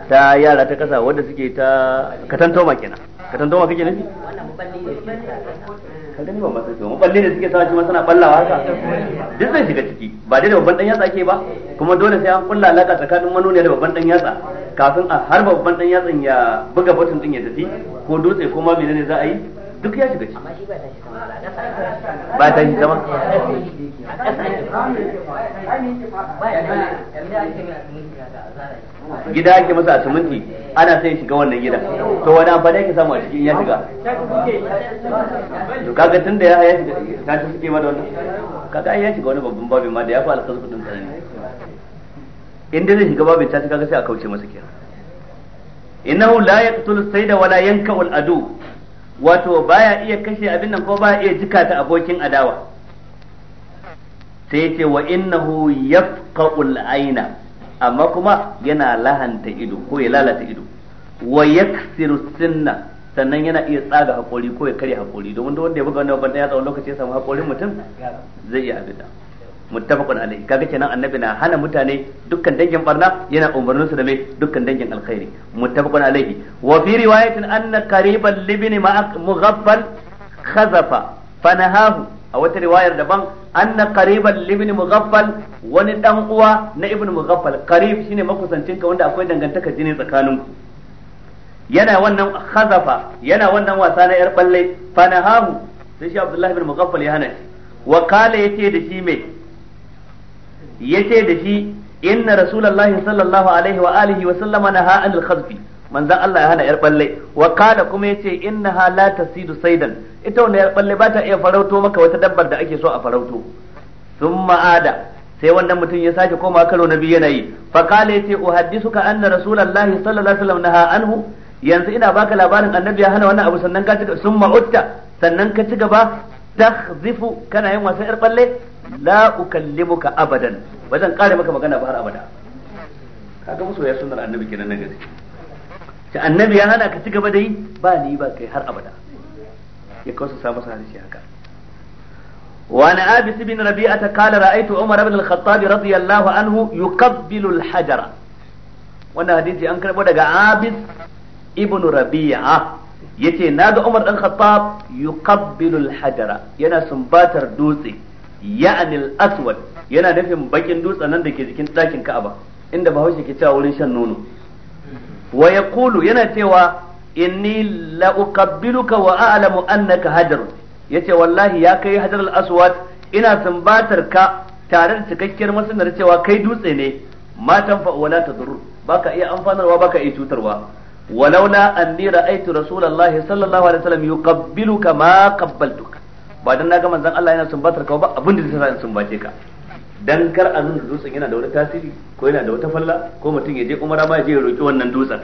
ta yara ta kasa wadda suke ta katantoma kenan katantoma kake nufi ne gani ba masu cewa maballi ne suke sa shi masana ballawa haka duk zai shiga ciki ba dai da babban dan yatsa ake ba kuma dole sai an kulla alaka tsakanin manoniya da babban dan yatsa kafin a harba babban dan yatsan ya buga batun din ya tafi ko dutse ko ma menene za a yi duk ya shiga ciki ba ta yi zama gida ake masa a suminti ana sai shiga wannan gida to wani amfani ake samu a cikin ya shiga to kaga tunda ya ya shiga ta ci suke ma da wannan kaga ya shiga wani babban babin ma da ya fi alƙalƙu kudin tsanani in dai zai shiga babin ta kaga sai a kauce masa kenan innahu la yaqtulu sayda wala yanka al adu wato baya iya kashe abin nan ko baya iya jika ta abokin adawa sai yace wa innahu yafqa'ul aina amma kuma yana lahanta ido ko ya lalata ido wa yaksiru sinna sannan yana iya tsaga hakori ko ya karya hakori domin duk wanda ya buga wani babban ya tsawon lokaci ya samu hakorin mutum zai iya abin muttafaqun alaihi kaga kenan annabi na hana mutane dukkan dangin barna yana umarnin su da me dukkan dangin alkhairi muttafaqun alaihi wa fi riwayatin anna qariban libni ma'a mughaffal khazafa fanahahu a wata riwayar daban anna qariban libni mughaffal wani dan uwa na ibnu mughaffal qarib shine makusancinka wanda akwai dangantaka jini tsakaninku yana wannan khazafa yana wannan wasa na yar balle fanahahu sai shi abdullahi bin mughaffal ya hana shi wa kale yace da shi me yace da shi inna rasulullahi sallallahu alaihi wa alihi wa sallama naha anil khazfi manzan Allah ya hana yar balle wa kala kuma yace innaha la tasidu saidan ita wannan yar balle ba ta iya farauto maka wata dabbar da ake so a farauto thumma ada sai wannan mutum ya sake koma karo na biyu yana yi fa kala yace uhaddisuka anna rasulullahi sallallahu alaihi wa wasallam naha anhu yanzu ina baka labarin annabi ya hana wannan abu sannan ka cika summa utta sannan ka ci gaba tahzifu kana yin wasan yar balle la ukallimuka abadan ba kare maka magana ba har abada kaga musu ya sunnar annabi kenan nan gari ta annabi ya hana ka ci gaba da yi ba ni ba kai har abada ya kawo sa hadisi haka bin Rabi'a ta ربيعة ra'aytu umar ibn al-khattab radiyallahu anhu yuqabbilu al-hajara wannan hadisi an karbo daga abis ibn Rabi'a yace naga Umar dan Khattab yuqabbilu al-hajara yana sumbatar dutse ya'anil aswad yana nufin bakin dutsen nan da ke jikin dakin ka'aba inda bahaushe ke cewa wurin shan nono wa yaqulu yana cewa inni la uqabbiluka wa a'lamu annaka hajar yace wallahi ya kai hajar al-aswad ina sumbatar ka tare da cikakkiyar masanar cewa kai dutse ne matan fa wala tadur baka iya amfanarwa baka iya cutarwa walaula anni ra'aytu rasulullahi sallallahu alaihi wasallam yuqabbiluka ma qabbaltuka ba dan naga manzon Allah yana sumbatar ka ba abin da zai sa in sumbace ka dan kar a nuna dutsen yana da wani tasiri ko yana da wata falla ko mutum ya je umara ma ya je ya roki wannan dutsen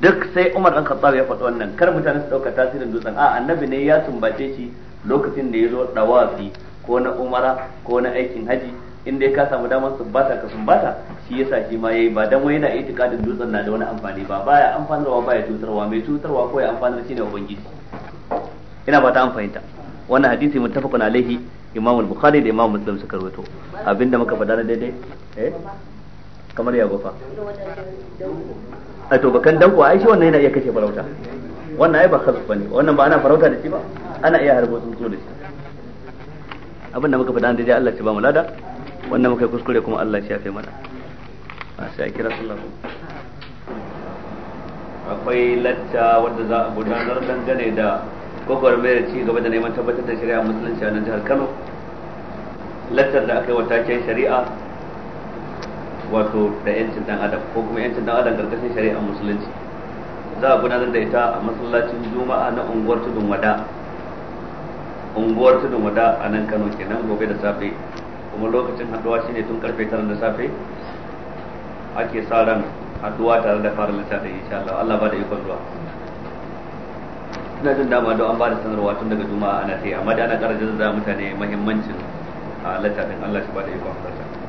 duk sai Umar dan Khattab ya faɗi wannan kar mutane su dauka tasirin dutsen a annabi ne ya sumbace shi lokacin da ya zo dawafi ko na umara ko na aikin haji in dai ka samu damar sumbata ka sumbata shi yasa shi ma yayi ba dan wai yana itikadin dutsen na da wani amfani ba baya amfanarwa baya tutarwa mai tutarwa ko ya amfanar ne ubangiji ina ba ta amfani ta. wannan hadisi muttafaqun alaihi Imam al-Bukhari da Imam Muslim suka rawaito abinda muka faɗa na daidai eh kamar ya gofa a to bakan danko ai shi wannan yana iya kashe farauta wannan ai ba khalf bane wannan ba ana farauta da shi ba ana iya harbo tsuntsu da shi abinda muka faɗa na daidai Allah ya ba mu lada wannan muka kuskure kuma Allah ya shafe mana a sai kira sallallahu akwai lacca wadda za a gudanar dangane da gwagwarmayar ci gaba da neman tabbatar da shari'a musulunci a nan jihar kano lantar da aka yi wa taken shari'a wato da yancin dan adam ko kuma yancin dan adam karkashin shari'a musulunci za a gudanar da ita a masallacin juma'a na unguwar tudun wada unguwar tudun wada a nan kano kenan gobe da safe kuma lokacin haduwa shine tun karfe tara da safe ake sa ran haduwa tare da fara lissafi insha Allah Allah ba da ikon zuwa suna jin dama don an ba da sanarwa tun daga juma'a ana ta yi amma da ana karar mutane muhimmancin halatta ah, littafin Allah shi ba da yi kwamfata.